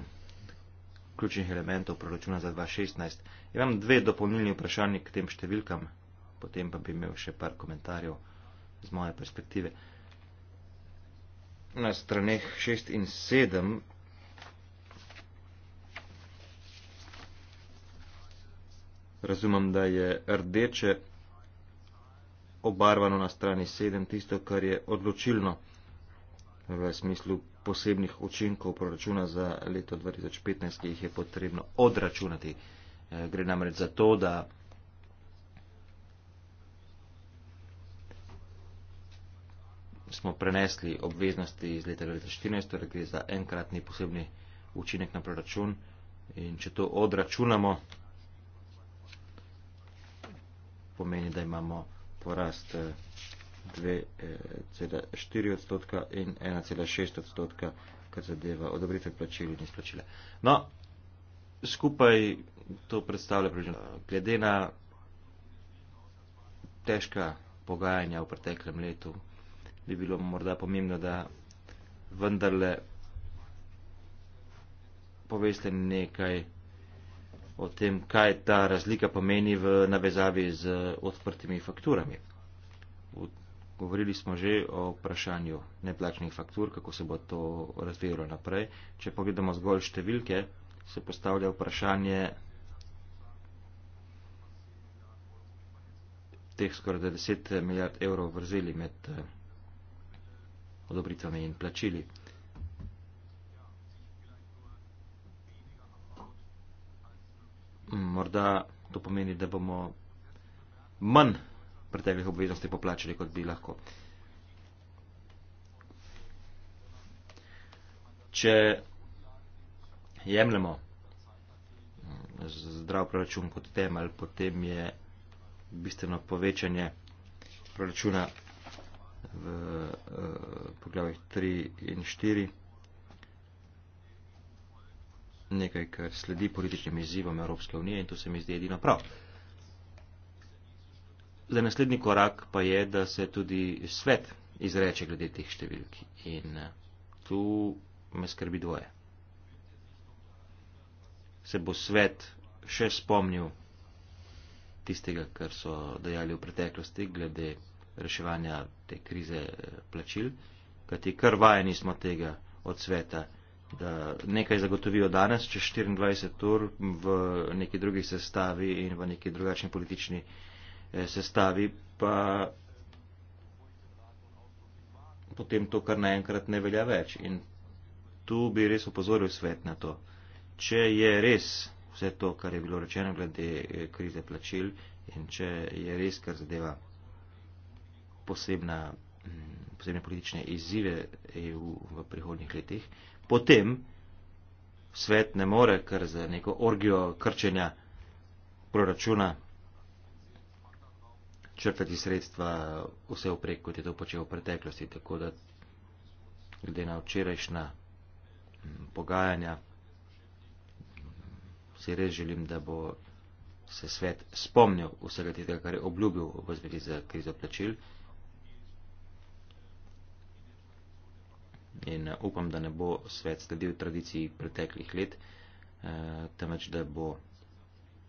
ključnih elementov proračuna za 2016. Imam dve dopolnilni vprašanji k tem številkam, potem pa bi imel še par komentarjev z moje perspektive. Na straneh 6 in 7 razumem, da je rdeče obarvano na strani 7, tisto, kar je odločilno v smislu posebnih učinkov proračuna za leto 2015, ki jih je potrebno odračunati. Eh, gre namreč za to, da smo prenesli obveznosti iz leta 2014, torej gre za enkratni posebni učinek na proračun in če to odračunamo, pomeni, da imamo porast 2,4 eh, eh, odstotka in 1,6 odstotka, kar zadeva odobritve plačil in izplačila. No, skupaj to predstavlja približno glede na težka pogajanja v preteklem letu, bi bilo morda pomembno, da vendarle poveste nekaj o tem, kaj ta razlika pomeni v navezavi z odprtimi fakturami. Govorili smo že o vprašanju neplačnih faktur, kako se bo to razvijalo naprej. Če pogledamo zgolj številke, se postavlja vprašanje teh skoraj 10 milijard evrov vrzeli med eh, odobritvami in plačili. morda to pomeni, da bomo manj preteklih obveznosti poplačali, kot bi lahko. Če jemljemo mm, zdrav proračun kot temelj, potem je bistveno povečanje proračuna v, v, eh, v poglavjih 3 in 4 nekaj, kar sledi političnim izzivom Evropske unije in to se mi zdi edino prav. Za naslednji korak pa je, da se tudi svet izreče glede teh številk in eh, tu me skrbi dvoje. Se bo svet še spomnil tistega, kar so dejali v preteklosti glede reševanja te krize eh, plačil, kajti kar vajeni smo tega od sveta da nekaj zagotovijo danes, čez 24 ur v neki drugi sestavi in v neki drugačni politični eh, sestavi, pa potem to kar naenkrat ne velja več. In tu bi res upozoril svet na to. Če je res vse to, kar je bilo rečeno glede eh, krize plačil in če je res, kar zadeva posebna, mm, posebne politične izzive EU v prihodnjih letih, potem svet ne more kar za neko orgijo krčenja proračuna črpati sredstva vse vprek, kot je to počel v preteklosti. Tako da glede na včerajšnja mm, pogajanja si res želim, da bo se svet spomnil vsega tega, kar je obljubil v zvezi z krizo plačil. in eh, upam, da ne bo svet sledil tradiciji preteklih let, eh, temveč da bo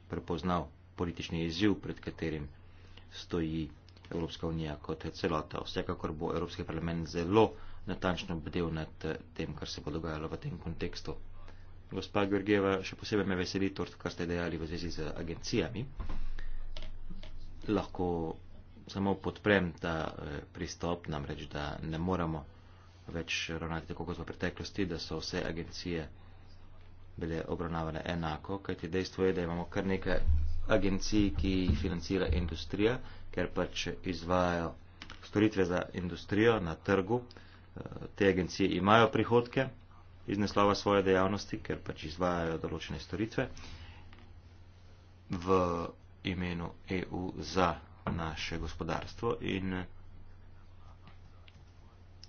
prepoznal politični izziv, pred katerim stoji Evropska unija kot celota. Vsekakor bo Evropski parlament zelo natančno bdel nad eh, tem, kar se bo dogajalo v tem kontekstu. Gospa Georgieva, še posebej me veseli to, kar ste dejali v zvezi z agencijami. Lahko samo podprem ta pristop, namreč da ne moramo več ravnati tako kot v preteklosti, da so vse agencije bile obravnavane enako, kajti dejstvo je, da imamo kar nekaj agencij, ki jih financira industrija, ker pač izvajajo storitve za industrijo na trgu. Eh, te agencije imajo prihodke iz naslova svoje dejavnosti, ker pač izvajajo določene storitve v imenu EU za naše gospodarstvo in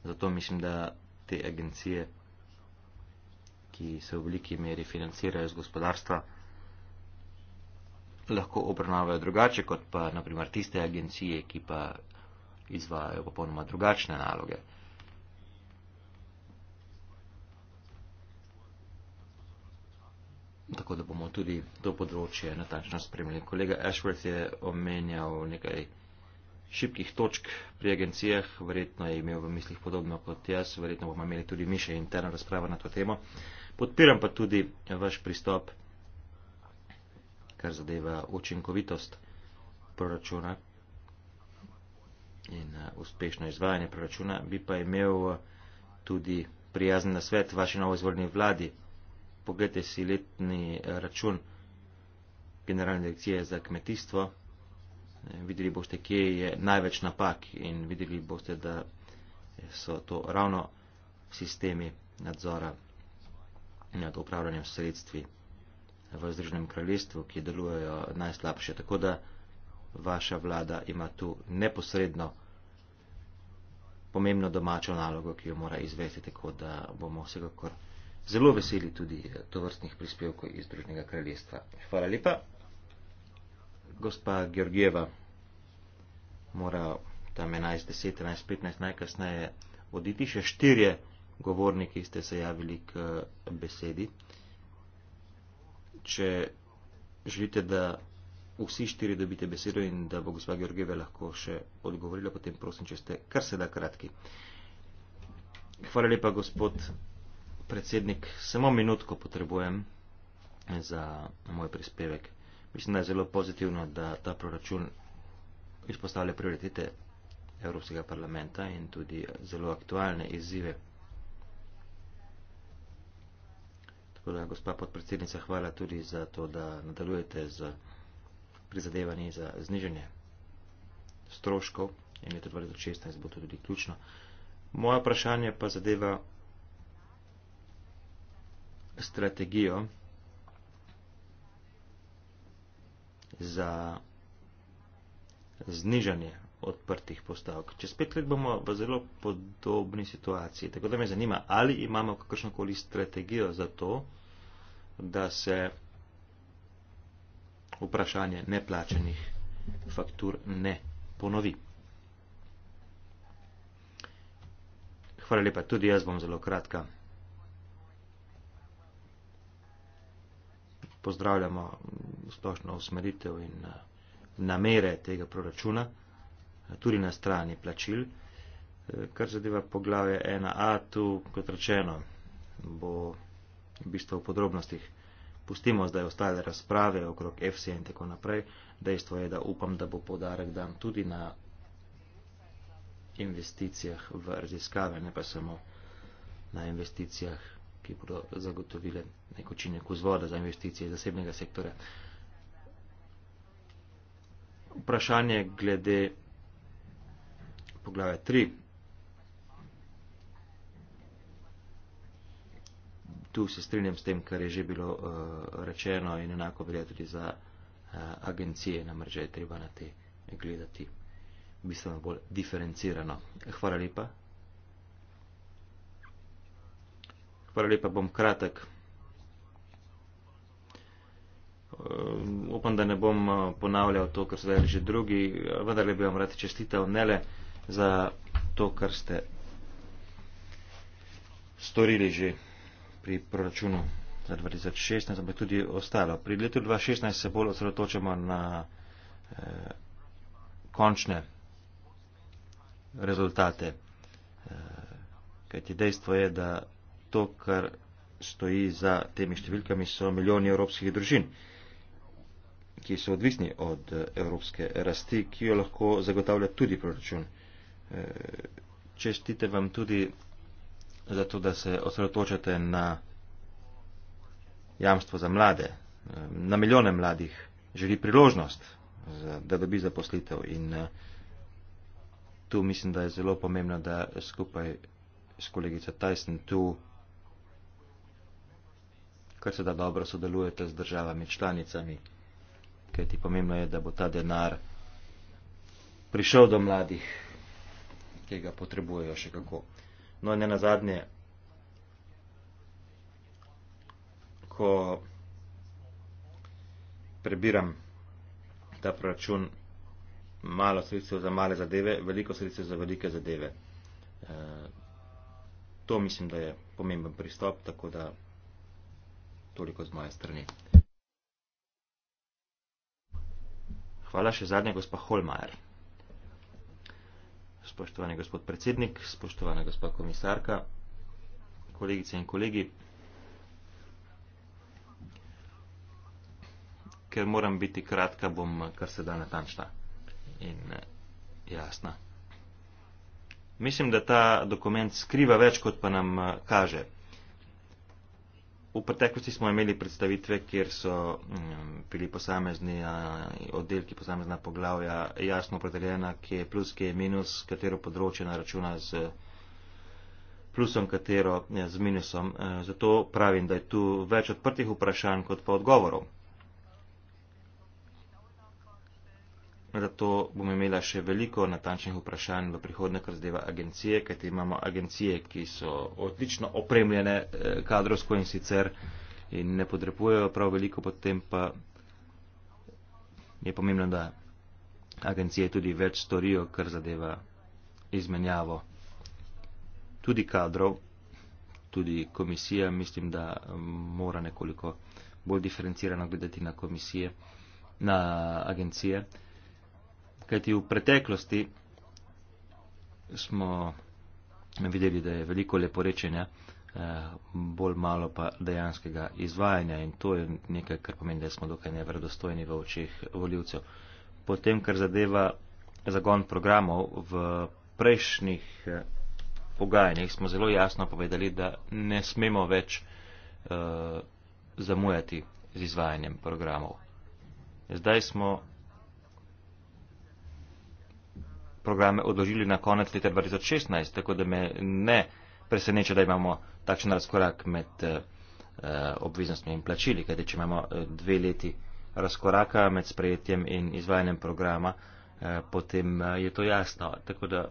Zato mislim, da te agencije, ki se v veliki meri financirajo iz gospodarstva, lahko obravnavajo drugače kot pa naprimer tiste agencije, ki pa izvajajo popolnoma drugačne naloge. Tako da bomo tudi to področje natančno spremljali. Kolega Ashworth je omenjal nekaj šibkih točk pri agencijah, verjetno je imel v mislih podobno kot jaz, verjetno bomo imeli tudi mi še interno razpravo na to temo. Podpiram pa tudi vaš pristop, kar zadeva učinkovitost proračuna in uh, uspešno izvajanje proračuna, bi pa imel uh, tudi prijazen nasvet vaši novozvoljni vladi. Poglejte si letni uh, račun generalne direkcije za kmetijstvo, Videli boste, kje je največ napak in videli boste, da so to ravno sistemi nadzora nad upravljanjem sredstvi v Združenem kraljestvu, ki delujejo najslabše. Tako da vaša vlada ima tu neposredno pomembno domačo nalogo, ki jo mora izvesti, tako da bomo vsekakor zelo veseli tudi tovrstnih prispevkov iz Združenega kraljestva. Hvala lepa gospa Georgieva mora tam 11, 10, 11, 15 najkasneje oditi. Še štirje govorniki ste se javili k besedi. Če želite, da vsi štiri dobite besedo in da bo gospa Georgieva lahko še odgovorila, potem prosim, če ste kar se da kratki. Hvala lepa, gospod predsednik. Samo minutko potrebujem za moj prispevek. Mislim, da je zelo pozitivno, da ta proračun izpostavlja prioritete Evropskega parlamenta in tudi zelo aktualne izzive. Tako da, gospa podpredsednica, hvala tudi za to, da nadaljujete z prizadevanji za zniženje stroškov in leto 2016 bo to tudi ključno. Moje vprašanje pa zadeva strategijo. za znižanje odprtih postavk. Čez pet let bomo v zelo podobni situaciji. Tako da me zanima, ali imamo kakršnokoli strategijo za to, da se vprašanje neplačenih faktur ne ponovi. Hvala lepa, tudi jaz bom zelo kratka. pozdravljamo splošno usmeritev in eh, namere tega proračuna, eh, tudi na strani plačil. Eh, kar zadeva poglavje 1a, tu, kot rečeno, bo v bistvu v podrobnostih. Pustimo zdaj ostale razprave okrog FC in tako naprej. Dejstvo je, da upam, da bo podarek dan tudi na investicijah v raziskave, ne pa samo na investicijah ki bodo zagotovile nek učinek vzvoda za investicije zasebnega sektora. Vprašanje glede poglave 3. Tu se strinjam s tem, kar je že bilo uh, rečeno in enako velja tudi za uh, agencije, namreč je treba na te gledati bistveno bolj diferencirano. Hvala lepa. Hvala lepa, bom kratek. Upam, da ne bom eh, ponavljal to, kar so rekli že drugi, eh, vendar bi vam rad čestital ne le za to, kar ste storili že pri proračunu za 2016, ampak tudi ostalo. Pri letu 2016 se bolj osredotočamo na eh, končne rezultate, eh, kajti dejstvo je, da to, kar stoji za temi številkami, so milijoni evropskih družin, ki so odvisni od eh, evropske rasti, ki jo lahko zagotavlja tudi proračun. Eh, čestite vam tudi za to, da se osredotočate na jamstvo za mlade. Eh, na milijone mladih želi priložnost, da dobi zaposlitev in tu mislim, da je zelo pomembno, da skupaj s kolegico Tyson tu kar se da dobro sodelujete z državami članicami, ker ti pomembno je, da bo ta denar prišel do mladih, ki ga potrebujejo še kako. No in ne na zadnje, ko prebiram ta proračun, malo sredstvo za male zadeve, veliko sredstvo za velike zadeve. E, to mislim, da je pomemben pristop, tako da toliko z moje strani. Hvala še zadnje, gospa Holmajer. Spoštovani gospod predsednik, spoštovana gospa komisarka, kolegice in kolegi. Ker moram biti kratka, bom kar se da natančna in eh, jasna. Mislim, da ta dokument skriva več, kot pa nam eh, kaže. V preteklosti smo imeli predstavitve, kjer so mm, bili posamezni oddelki, posamezna poglavja jasno opredeljena, kje je plus, kje je minus, katero področje naračuna z plusom, katero ja, z minusom. E, zato pravim, da je tu več odprtih vprašanj kot pa odgovorov. Vendar to bom imela še veliko natančnih vprašanj v prihodnje, kar zdeva agencije, kajti imamo agencije, ki so odlično opremljene eh, kadrovsko in sicer in ne podrepujejo prav veliko, potem pa je pomembno, da agencije tudi več storijo, kar zadeva izmenjavo tudi kadrov, tudi komisija, mislim, da mm, mora nekoliko bolj diferencirano gledati na komisije, na agencije. Kajti v preteklosti smo videli, da je veliko leporečenja, eh, bolj malo pa dejanskega izvajanja in to je nekaj, kar pomeni, da smo dokaj nevredostojni v očih voljivcev. Potem, kar zadeva zagon programov, v prejšnjih eh, pogajanjih smo zelo jasno povedali, da ne smemo več eh, zamujati z izvajanjem programov. Zdaj smo programe odložili na konec leta 2016, tako da me ne preseneča, da imamo takšen razkorak med eh, eh, obveznostmi in plačili, kajti če imamo eh, dve leti razkoraka med sprejetjem in izvajanjem programa, potem je to jasno. Tako da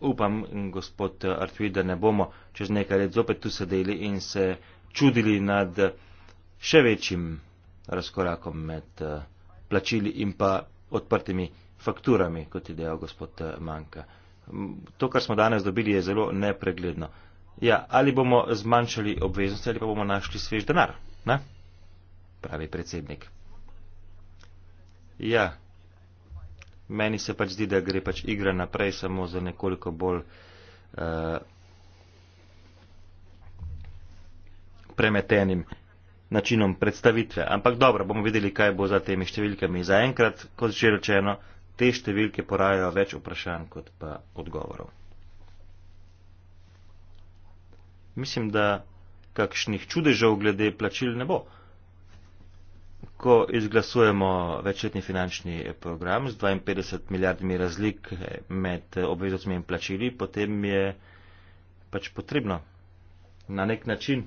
upam, gospod Artvid, da ne bomo čez nekaj let zopet tu sedeli in se čudili nad še večjim razkorakom med plačili in pa odprtimi fakturami, kot je dejal gospod eh, Manka. To, kar smo danes dobili, je zelo nepregledno. Ja, ali bomo zmanjšali obveznosti ali pa bomo našli svež denar, ne? pravi predsednik. Ja, meni se pač zdi, da gre pač igra naprej samo za nekoliko bolj uh, premetenim načinom predstavitve. Ampak dobro, bomo videli, kaj bo za temi številkami. Zaenkrat, kot že rečeno, te številke porajajo več vprašanj kot pa odgovorov. Mislim, da kakšnih čudežev glede plačil ne bo. Ko izglasujemo večletni finančni program z 52 milijardami razlik med obveznostmi in plačili, potem je pač potrebno na nek način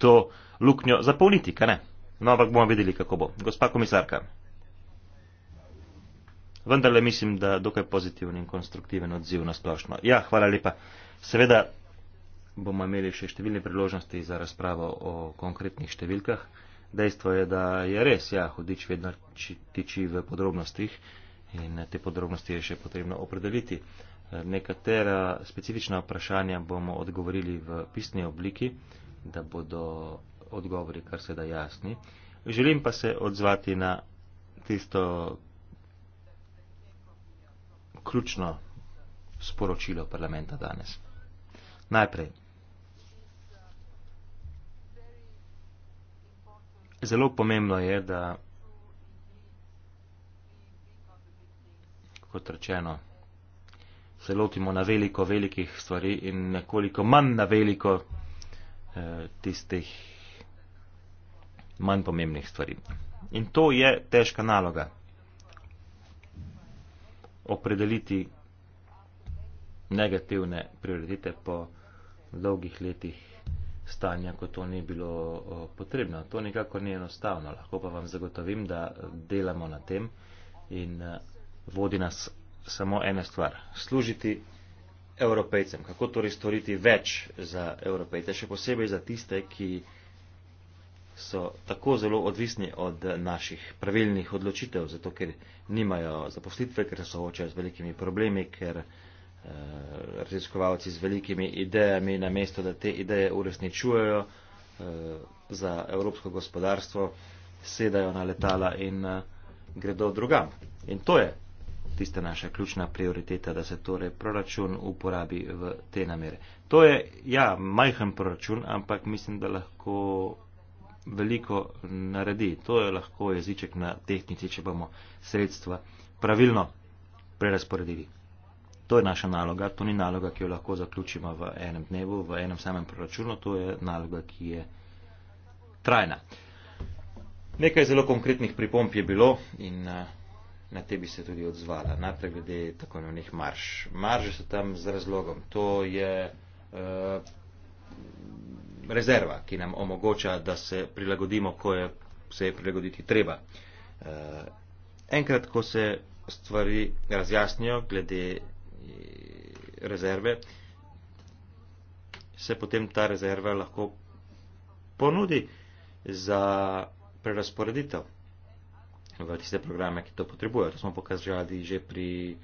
to luknjo zapolniti, kaj ne? No, ampak bomo videli, kako bo. Gospa komisarka vendarle mislim, da dokaj pozitiven in konstruktiven odziv na splošno. Ja, hvala lepa. Seveda bomo imeli še številne priložnosti za razpravo o konkretnih številkah. Dejstvo je, da je res, ja, hudič vedno tiči v podrobnostih in te podrobnosti je še potrebno opredeliti. Nekatera specifična vprašanja bomo odgovorili v pisni obliki, da bodo odgovori kar se da jasni. Želim pa se odzvati na tisto, ključno sporočilo parlamenta danes. Najprej. Zelo pomembno je, da, kot rečeno, se lotimo na veliko velikih stvari in nekoliko manj na veliko eh, tistih manj pomembnih stvari. In to je težka naloga opredeliti negativne prioritete po dolgih letih stanja, ko to ni bilo potrebno. To nekako ni enostavno, lahko pa vam zagotovim, da delamo na tem in e, vodi nas samo ena stvar. Služiti evropejcem. Kako torej storiti več za evropejce, še posebej za tiste, ki so tako zelo odvisni od naših pravilnih odločitev, zato ker nimajo zaposlitve, ker se soočajo z velikimi problemi, ker eh, raziskovalci z velikimi idejami na mesto, da te ideje uresničujejo eh, za evropsko gospodarstvo, sedajo na letala in eh, gredo drugam. In to je tista naša ključna prioriteta, da se torej proračun uporabi v te namere. To je, ja, majhen proračun, ampak mislim, da lahko veliko naredi. To je lahko jeziček na tehnici, če bomo sredstva pravilno prerasporedili. To je naša naloga, to ni naloga, ki jo lahko zaključimo v enem dnevu, v enem samem proračunu, to je naloga, ki je trajna. Nekaj zelo konkretnih pripomp je bilo in na, eh, na te bi se tudi odzvala. Najprej glede tako imenih marš. Marže so tam z razlogom. To je uh, rezerva, ki nam omogoča, da se prilagodimo, ko je se prilagoditi treba. Eh, enkrat, ko se stvari razjasnijo glede eh, rezerve, se potem ta rezerva lahko ponudi za prerasporeditev v tiste programe, ki to potrebujejo. To smo pokazali že pri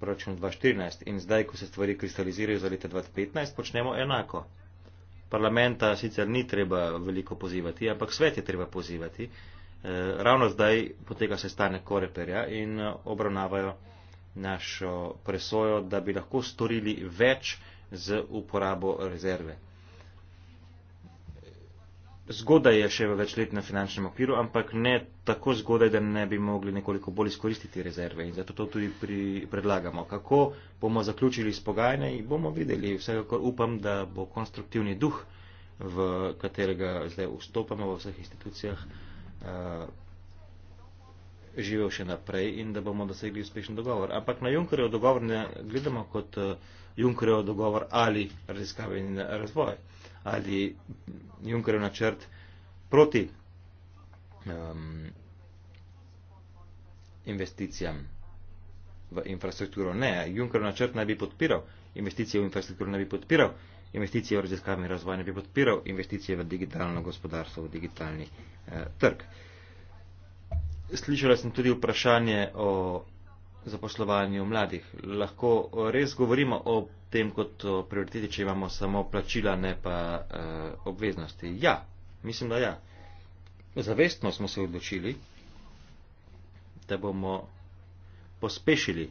proračunu 2014 in zdaj, ko se stvari kristalizirajo za leta 2015, počnemo enako parlamenta sicer ni treba veliko pozivati, ampak svet je treba pozivati. Eh, ravno zdaj poteka sestanek koreperja in eh, obravnavajo našo presojo, da bi lahko storili več z uporabo rezerve zgodaj je še v večletnem finančnem okviru, ampak ne tako zgodaj, da ne bi mogli nekoliko bolj izkoristiti rezerve in zato to tudi pri, predlagamo. Kako bomo zaključili s pogajanja in bomo videli, vsekakor upam, da bo konstruktivni duh, v katerega zdaj vstopamo v vseh institucijah, eh, živel še naprej in da bomo dosegli uspešen dogovor. Ampak na Junkerjev dogovor ne gledamo kot eh, Junkerjev dogovor ali raziskave in razvoj ali Junkerjev načrt proti um, investicijam v infrastrukturo. Ne, Junkerjev načrt naj bi podpiral, investicije v infrastrukturo naj bi podpiral, investicije v raziskave in razvoj naj bi podpiral, investicije v digitalno gospodarstvo, v digitalni uh, trg. Slišala sem tudi vprašanje o zaposlovanju mladih. Lahko res govorimo o tem kot o prioriteti, če imamo samo plačila, ne pa uh, obveznosti. Ja, mislim, da ja. Zavestno smo se odločili, da bomo pospešili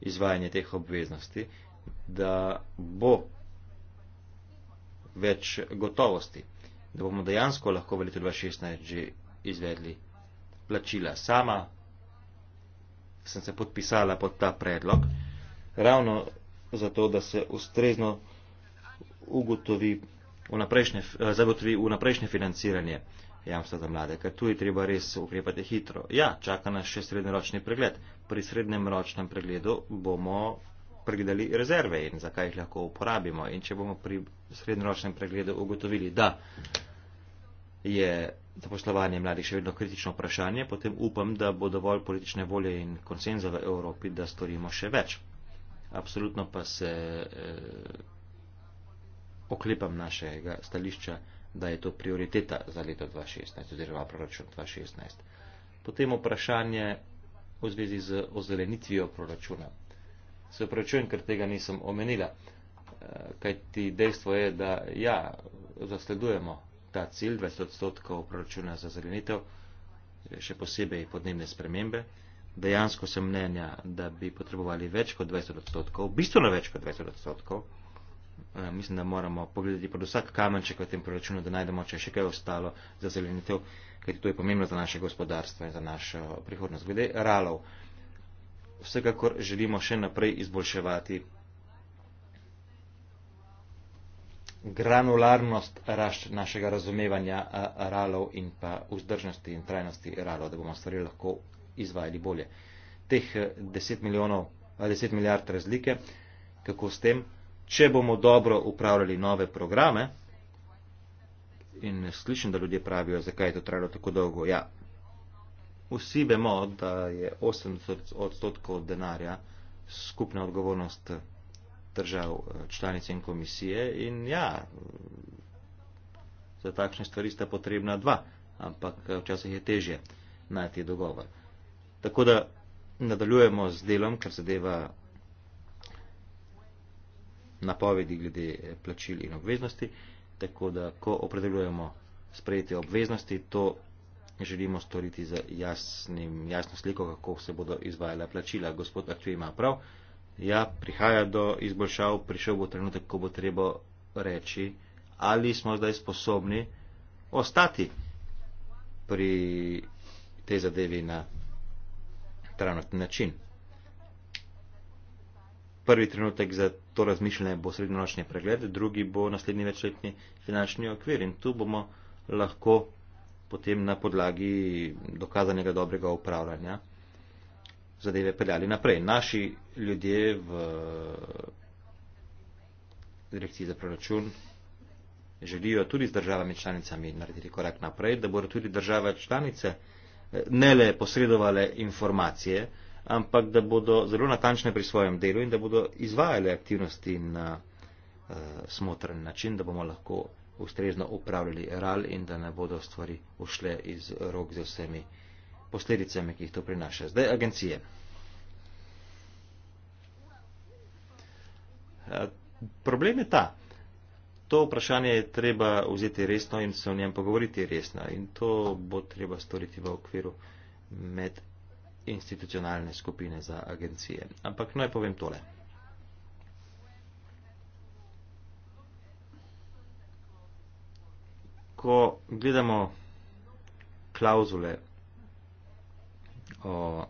izvajanje teh obveznosti, da bo več gotovosti, da bomo dejansko lahko v letu 2016 že izvedli plačila sama sem se podpisala pod ta predlog, ravno zato, da se ustrezno ugotovi vnaprejšnje, eh, zagotovi vnaprejšnje financiranje jamstva za mlade, ker tu je treba res ukrepati hitro. Ja, čaka nas še srednjeročni pregled. Pri srednjem ročnem pregledu bomo pregledali rezerve in zakaj jih lahko uporabimo. In če bomo pri srednjeročnem pregledu ugotovili, da je zaposlovanje mladih še vedno kritično vprašanje, potem upam, da bo dovolj politične volje in konsenza v Evropi, da storimo še več. Absolutno pa se eh, oklepam našega stališča, da je to prioriteta za leto 2016 oziroma proračun 2016. Potem vprašanje v zvezi z ozelenitvijo proračuna. Se upravičujem, ker tega nisem omenila, eh, kajti dejstvo je, da ja, zasledujemo ta cilj 20 odstotkov proračuna za zelenitev, še posebej podnebne spremembe. Dejansko sem mnenja, da bi potrebovali več kot 20 odstotkov, bistveno več kot 20 odstotkov. Eh, mislim, da moramo pogledati pod vsak kamenček v tem proračunu, da najdemo, če je še kaj ostalo za zelenitev, kajti to je pomembno za naše gospodarstvo in za našo prihodnost. Glede RALov, vsekakor želimo še naprej izboljševati granularnost raš, našega razumevanja a, eh, ralov in pa vzdržnosti in trajnosti ralov, da bomo stvari lahko izvajali bolje. Teh 10, eh, milijonov, 10 eh, milijard razlike, kako s tem, če bomo dobro upravljali nove programe, in slišim, da ljudje pravijo, zakaj je to trajalo tako dolgo. Ja, vsi vemo, da je 80 odstotkov denarja skupna odgovornost držav eh, članic in komisije in ja, za takšne stvari sta potrebna dva, ampak eh, včasih je težje najti dogovor. Tako da nadaljujemo z delom, kar zadeva napovedi glede eh, plačil in obveznosti, tako da ko opredeljujemo sprejete obveznosti, to želimo storiti z jasnim, jasno sliko, kako se bodo izvajala plačila. Gospod Aktu ima prav. Ja, prihaja do izboljšav, prišel bo trenutek, ko bo treba reči, ali smo zdaj sposobni ostati pri tej zadevi na trenutni način. Prvi trenutek za to razmišljanje bo srednjeročni pregled, drugi bo naslednji večletni finančni okvir in tu bomo lahko potem na podlagi dokazanega dobrega upravljanja zadeve peljali naprej. Naši ljudje v direkciji za proračun želijo tudi z državami članicami narediti korak naprej, da bodo tudi države članice eh, ne le posredovale informacije, ampak da bodo zelo natančne pri svojem delu in da bodo izvajale aktivnosti na uh, eh, smotren način, da bomo lahko ustrezno upravljali RAL in da ne bodo stvari ušle iz rok z vsemi uh, posledicami, ki jih to prinaša. Zdaj agencije. Problem je ta. To vprašanje je treba vzeti resno in se o njem pogovoriti resno. In to bo treba storiti v okviru med institucionalne skupine za agencije. Ampak naj povem tole. Ko gledamo klauzule o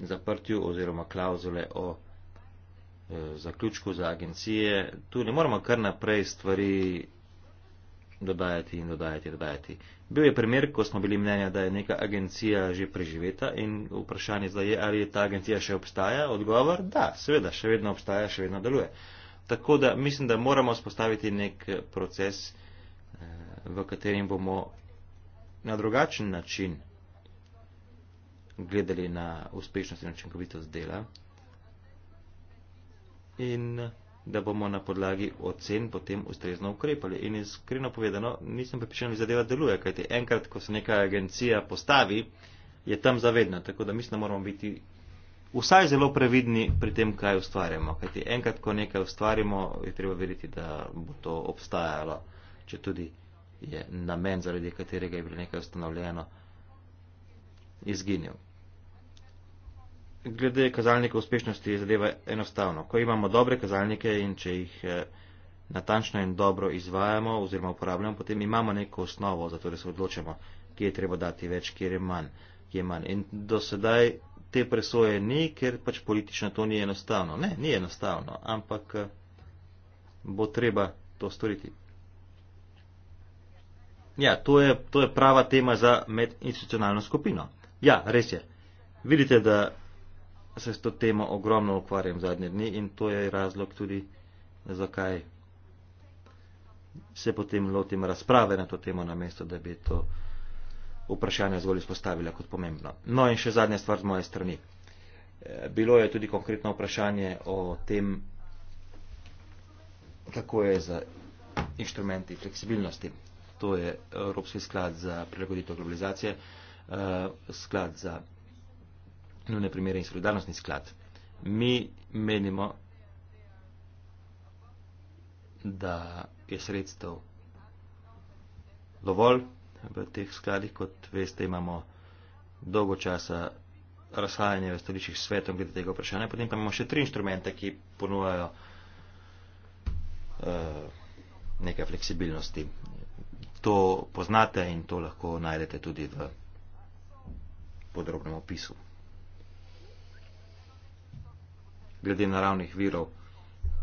zaprtju oziroma klauzule o e, zaključku za agencije. Tu ne moramo kar naprej stvari dodajati in dodajati in dodajati. Bil je primer, ko smo bili mnenja, da je neka agencija že preživeta in vprašanje zdaj je, ali je ta agencija še obstaja. Odgovor, da, seveda, še vedno obstaja, še vedno deluje. Tako da mislim, da moramo spostaviti nek proces, v katerem bomo na drugačen način gledali na uspešnost in učinkovitost dela in da bomo na podlagi ocen potem ustrezno ukrepali. In iskreno povedano, nisem pripričan, da zadeva deluje, kajti enkrat, ko se neka agencija postavi, je tam zavedna, tako da mislim, da moramo biti vsaj zelo previdni pri tem, kaj ustvarjamo. Kajti enkrat, ko nekaj ustvarimo, je treba veriti, da bo to obstajalo če tudi je namen, zaradi katerega je bilo nekaj ustanovljeno, izginil. Glede kazalnikov uspešnosti je zadeva enostavno. Ko imamo dobre kazalnike in če jih eh, natančno in dobro izvajamo oziroma uporabljamo, potem imamo neko osnovo, zato da se odločamo, kje je treba dati več, kje je manj. Kje je manj. In do sedaj te presoje ni, ker pač politično to ni enostavno. Ne, ni enostavno, ampak eh, bo treba to storiti. Ja, to je, to je prava tema za medinstitucionalno skupino. Ja, res je. Vidite, da se s to temo ogromno ukvarjam zadnje dni in to je razlog tudi, zakaj se potem lotim razprave na to temo, na mesto, da bi to vprašanje zgolj izpostavila kot pomembno. No in še zadnja stvar z moje strani. Eh, bilo je tudi konkretno vprašanje o tem, kako je za inštrumenti fleksibilnosti to je Evropski sklad za prilagoditev globalizacije, eh, sklad za nujne primere in solidarnostni sklad. Mi menimo, da je sredstev dovolj v teh skladih, kot veste, imamo dolgo časa razhajanje v stoličih svetom glede tega vprašanja, potem pa imamo še tri inštrumente, ki ponujajo uh, eh, nekaj fleksibilnosti to poznate in to lahko najdete tudi v podrobnem opisu. Glede naravnih virov,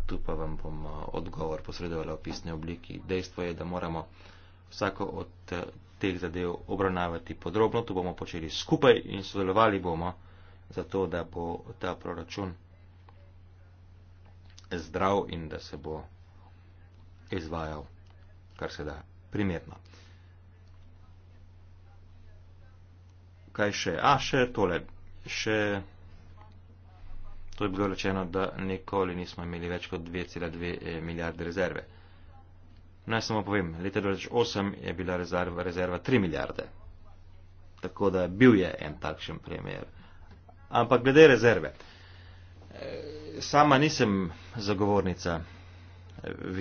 tu pa vam bom eh, odgovor posredovala v pisni obliki. Dejstvo je, da moramo vsako od eh, teh zadev obravnavati podrobno, tu bomo počeli skupaj in sodelovali bomo, zato da bo ta proračun zdrav in da se bo izvajal kar se da primerno. Kaj še? A, še tole. Še to je bilo rečeno, da nikoli nismo imeli več kot 2,2 milijarde rezerve. Naj samo povem, leta 2008 je bila rezerva, rezerva 3 milijarde. Tako da bil je en takšen primer. Ampak glede rezerve. Sama nisem zagovornica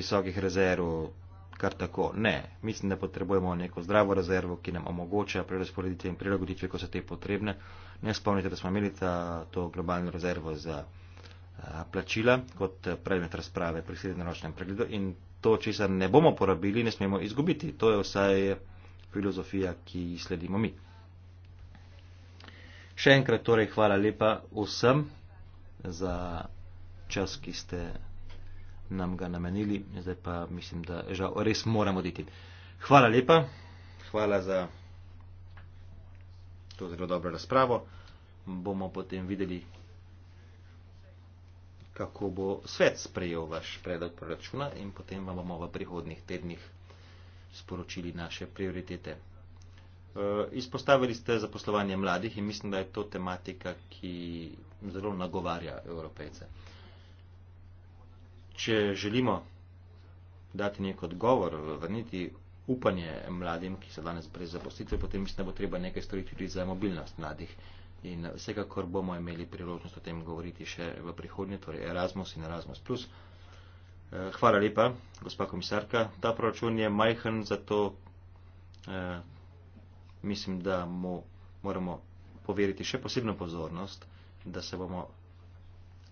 visokih rezerv, kar tako. Ne, mislim, da potrebujemo neko zdravo rezervo, ki nam omogoča prerasporeditve in prilagoditve, ko so te potrebne. Ne spomnite, da smo imeli ta, to globalno rezervo za a, plačila kot predmet razprave pri srednjeročnem pregledu in to, česar ne bomo porabili, ne smemo izgubiti. To je vsaj filozofija, ki sledimo mi. Še enkrat torej hvala lepa vsem za čas, ki ste nam ga namenili, zdaj pa mislim, da žal res moramo oditi. Hvala lepa, hvala za to zelo dobro razpravo. Bomo potem videli, kako bo svet sprejel vaš predlog proračuna in potem vam bomo v prihodnih tednih sporočili naše prioritete. E, izpostavili ste zaposlovanje mladih in mislim, da je to tematika, ki zelo nagovarja evropejce. Če želimo dati nek odgovor, vrniti upanje mladim, ki so danes brez zaposlitve, potem mislim, da bo treba nekaj storiti tudi za mobilnost mladih. In vsekakor bomo imeli priložnost o tem govoriti še v prihodnje, torej Erasmus in Erasmus. Eh, hvala lepa, gospa komisarka. Ta proračun je majhen, zato eh, mislim, da mu moramo poveriti še posebno pozornost, da se bomo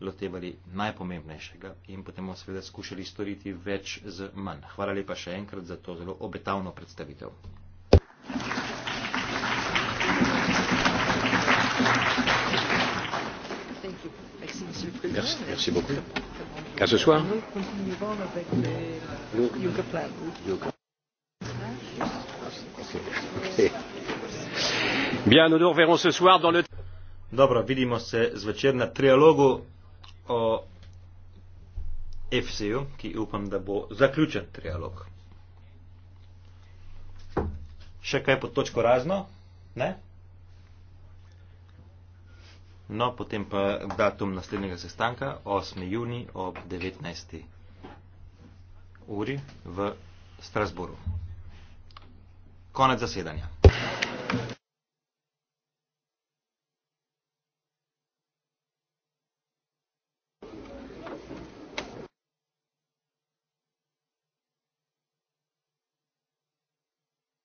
lotevali najpomembnejšega in potem bomo seveda skušali storiti več z manj. Hvala lepa še enkrat za to zelo obetavno predstavitev. Merci, merci beaucoup. À ce soir. Bien, nous nous reverrons ce soir dans le. Dobro, vidimo se zvečer na trialogu o FC-ju, ki upam, da bo zaključen trialog. Še kaj pod točko razno? Ne? No, potem pa datum naslednjega sestanka, 8. juni ob 19. uri v Strasboru. Konec zasedanja.